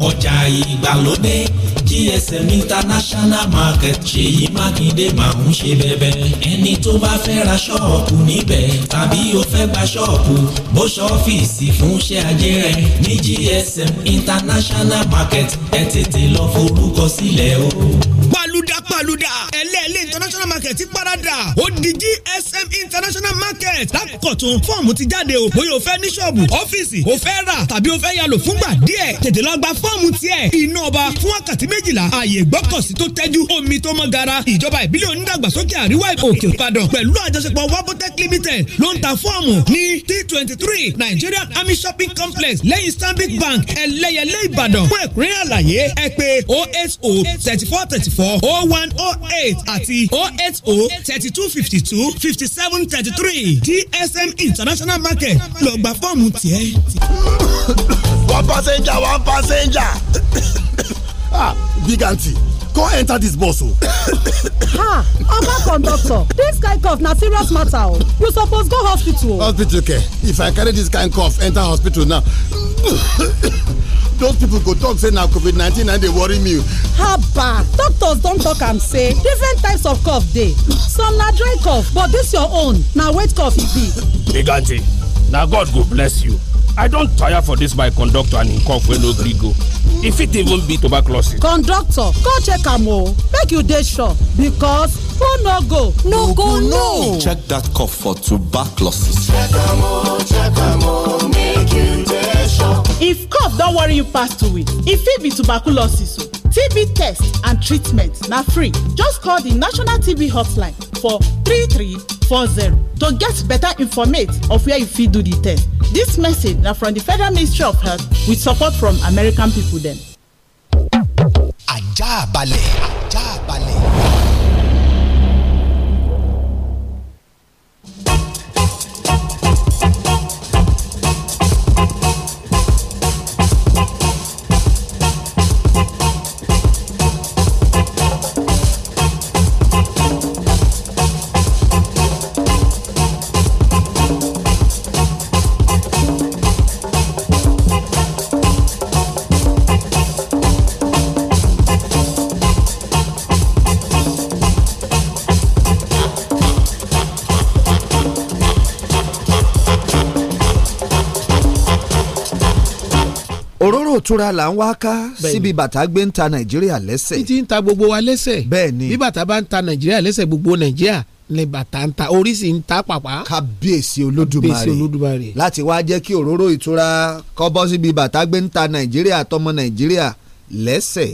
ọjà ìgbàlódé gsm international market ṣèyí mákindé máa ń ṣe bẹ̀bẹ̀ ẹni tó bá fẹ́ ra ṣọ́ọ̀pù níbẹ̀ tàbí o fẹ́ gba ṣọ́ọ̀pù bó ṣọ́ọ̀fìsì fún ṣẹ́ ajé rẹ ní gsm international market ẹ tètè lọ forúkọ sílẹ̀ o paluda paluda ẹlẹ́ẹ̀lẹ́ international market ti parada ó di gsm international market lákọ̀tún fọ́ọ̀mù ti jáde o bóyá o fẹ́ ní ṣọ́ọ̀bù ọ́fíìsì o fẹ́ rà tàbí o fẹ́ yálò fúngbà díẹ̀ tètè lọ gba fọ́ọ̀mù tiẹ̀ iná ọba fún wákàtí méjìlá ààyè gbọ́kọ̀sí tó tẹ́jú omi tó mọ́ gara ìjọba ìbílẹ̀ onídàgbàsókè àríwá òkè ìbàdàn pẹ̀lú àjọṣepọ̀ wabotec limited ló ń ta fọ́ọ̀mù ní t twenty three nigerian army shopping complex lẹ́yìn stanbic bank ẹlẹ́yẹlé ìbàdàn fún ẹ̀kúnrẹ́rẹ́ àlàyé ẹ pè oh eight oh thirty four thirty four oh one oh eight àti oh eight oh thirty two fifty two fifty seven thirty three dsm international market lọ gba fọ́ọ̀mù tiẹ̀. one passenger one passenger ah big aunty come enter this bus o oh. ah oga conductor dis kain cough na serious matter o oh. you suppose go hospital oh. hospital care if i carry dis kain cough enter hospital now those people go talk say na covid nineteen na dey worry me. haba doctors don talk am say different types of cough dey some na dry cough but this your own na wet cough e be. big aunty na god go bless you i don tire for this my conductor and im cough wey no gree go e fit even be tuberculosis. conductor go check am o make you dey sure because phone no go no go no. check dat cough for tuberculosis. check am o check am o make you pressure. if cough don worry you pass two weeks e fit be tuberculosis o tb test and treatment na free just call the national tb hotline for 3340 to get better informate of where you fit do the test This message na from the federal ministry of health with support from american people. dem. ajá balẹ̀ ajá balẹ̀. ìró ìtura là ń wá ká síbi bàtà gbé ń ta nàìjíríà lẹ́sẹ̀. títí ń ta gbogbo wa lẹ́sẹ̀. bẹ́ẹ̀ ni bí bàtà bá ń ta nàìjíríà lẹ́sẹ̀ gbogbo nàìjíríà ni bàtà ń ta oríṣi ń ta pàpà. kábíyèsí olódùmarè láti wá jẹ́ kí òróró ìtura kó bọ́ síbi bàtà gbé ń ta nàìjíríà tọmọ nàìjíríà lẹ́sẹ̀.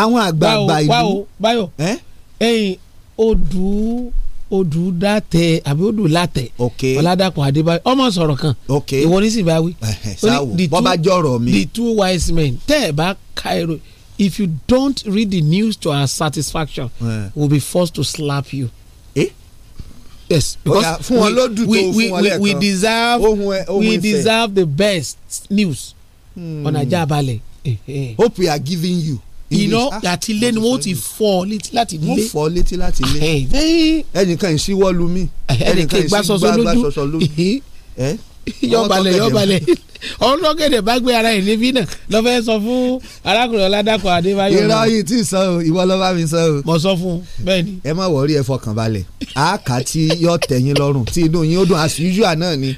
àwọn àgbààgbà ìlú. báwo báwo báyọ̀ ẹ̀yìn odù odù dàtẹ àbí odù látẹ ọ̀làdàpọ̀ adébáyọ̀ ọmọ sọ̀rọ̀ kan ìwọ ní sì the two wise men tẹ́ ẹ̀ bá ka if you don't read the news to our satisfaction yeah. we'll be forced to slap you. Eh? yes because Oya, fún wọn lódù tó fún wọn we deserve ohun we deserve the best news. Hmm. on Ajabale. Eh, hope we are giving you iná àti ilé ni wọ́n ti fọ́ ọ létí láti ilé. wọ́n fọ́ ọ létí láti ilé ẹnìkan ìsíwọ́ lu mí ẹnìkan ìsígbà sọ̀sọ̀ lójú yọbalẹ̀ yọbalẹ̀ ọlọ́gẹ̀dẹ̀ bá gbé ara ìlé bí náà lọ fẹ́ sọ fún arákùnrin ọ̀làdàpọ̀ adébáyọ̀. irọ́ yìí tí ì sọ o ìwọ ló bá mi sọ o. mo sọ fún un bẹ́ẹ̀ ni. ẹ má wọrí ẹ fọkàn balẹ̀ àáká tí yọ tẹ̀yìn lọ́rùn tí inú yín ó dùn as usual náà ni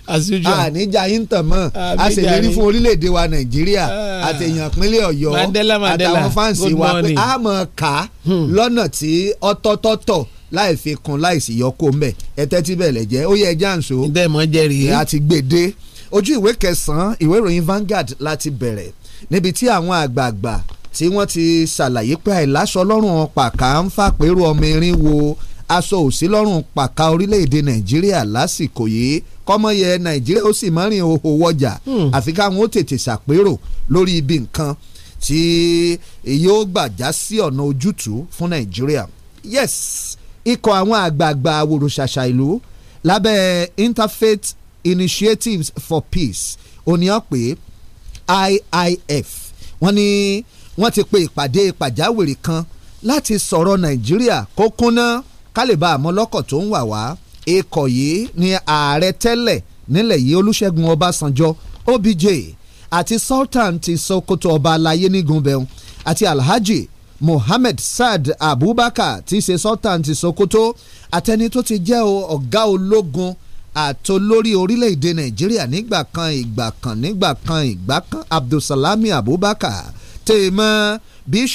àníjà yín tàn mọ́ a sì lérí fún orílẹ̀-èdè wa nàìjíríà ah. àtẹ̀yàn pínlẹ̀ ọ̀yọ́ àtàwọn fáǹsì wa pé a mọ̀ ká hmm. lọ́nà tí ọ̀tọ̀tọ̀tọ̀ láì fi kun láì sì yọkó mbẹ ẹ tẹ́tí bẹ́ẹ̀ lẹ̀ jẹ́ ó yẹ ẹja ń so bẹ́ẹ̀ mọ́ jẹ́rìí àti gbèdé ojú ìwé kẹsàn-án ìwé ìròyìn Vanguard láti bẹ̀rẹ̀ níbi tí àwọn àgbààgbà tí wọ́n ti ṣàlàyé pé àìláṣọ lọ́rùn pàkà ń fà pérò ọmọ erin wo aṣọ òsí lọ́rùn pàkà orílẹ̀-èdè nàìjíríà lásìkò yìí kọ́mọyẹ nàìjíríà ó sì máa rìn òhò wọjà hmm. àfi káwọn ó tètè ṣàpérò lórí ibi nǹkan tí yóò gbàjá sí ọ̀nà ojútùú fún nàìjíríà yes ikọ̀ àwọn àgbààgbà àwòrò-ṣàṣà ìlú lábẹ́ Interfaith Initiatives for Peace oníyàn pé IIF wọ́n ní wọ́n ti pe ìpàdé pàjáwìrì kan láti sọ̀rọ̀ Nàìjíríà kó kúnná kálíbà àmọ́ lọ́kọ̀ tó ń wà wá ikọ̀ yìí ni ààrẹ tẹ́lẹ̀ nílẹ̀ yìí Olúṣẹ́gun Ọbásanjọ́ OBJ àti Sultan ti Sokoto ọba alayé nígun bẹ́ẹ̀ àti Alhaji Mohammed Saad Abubakar tí í ṣe sultan ti Sokoto àtẹni tó ti jẹ́ ọ̀gá ológun àtolórí orílẹ̀-èdè Nàìjíríà nígbà kan ìgbà kan nígbà kan ìgbà kan Abdulsalami Abubakar tèèmọ́ bí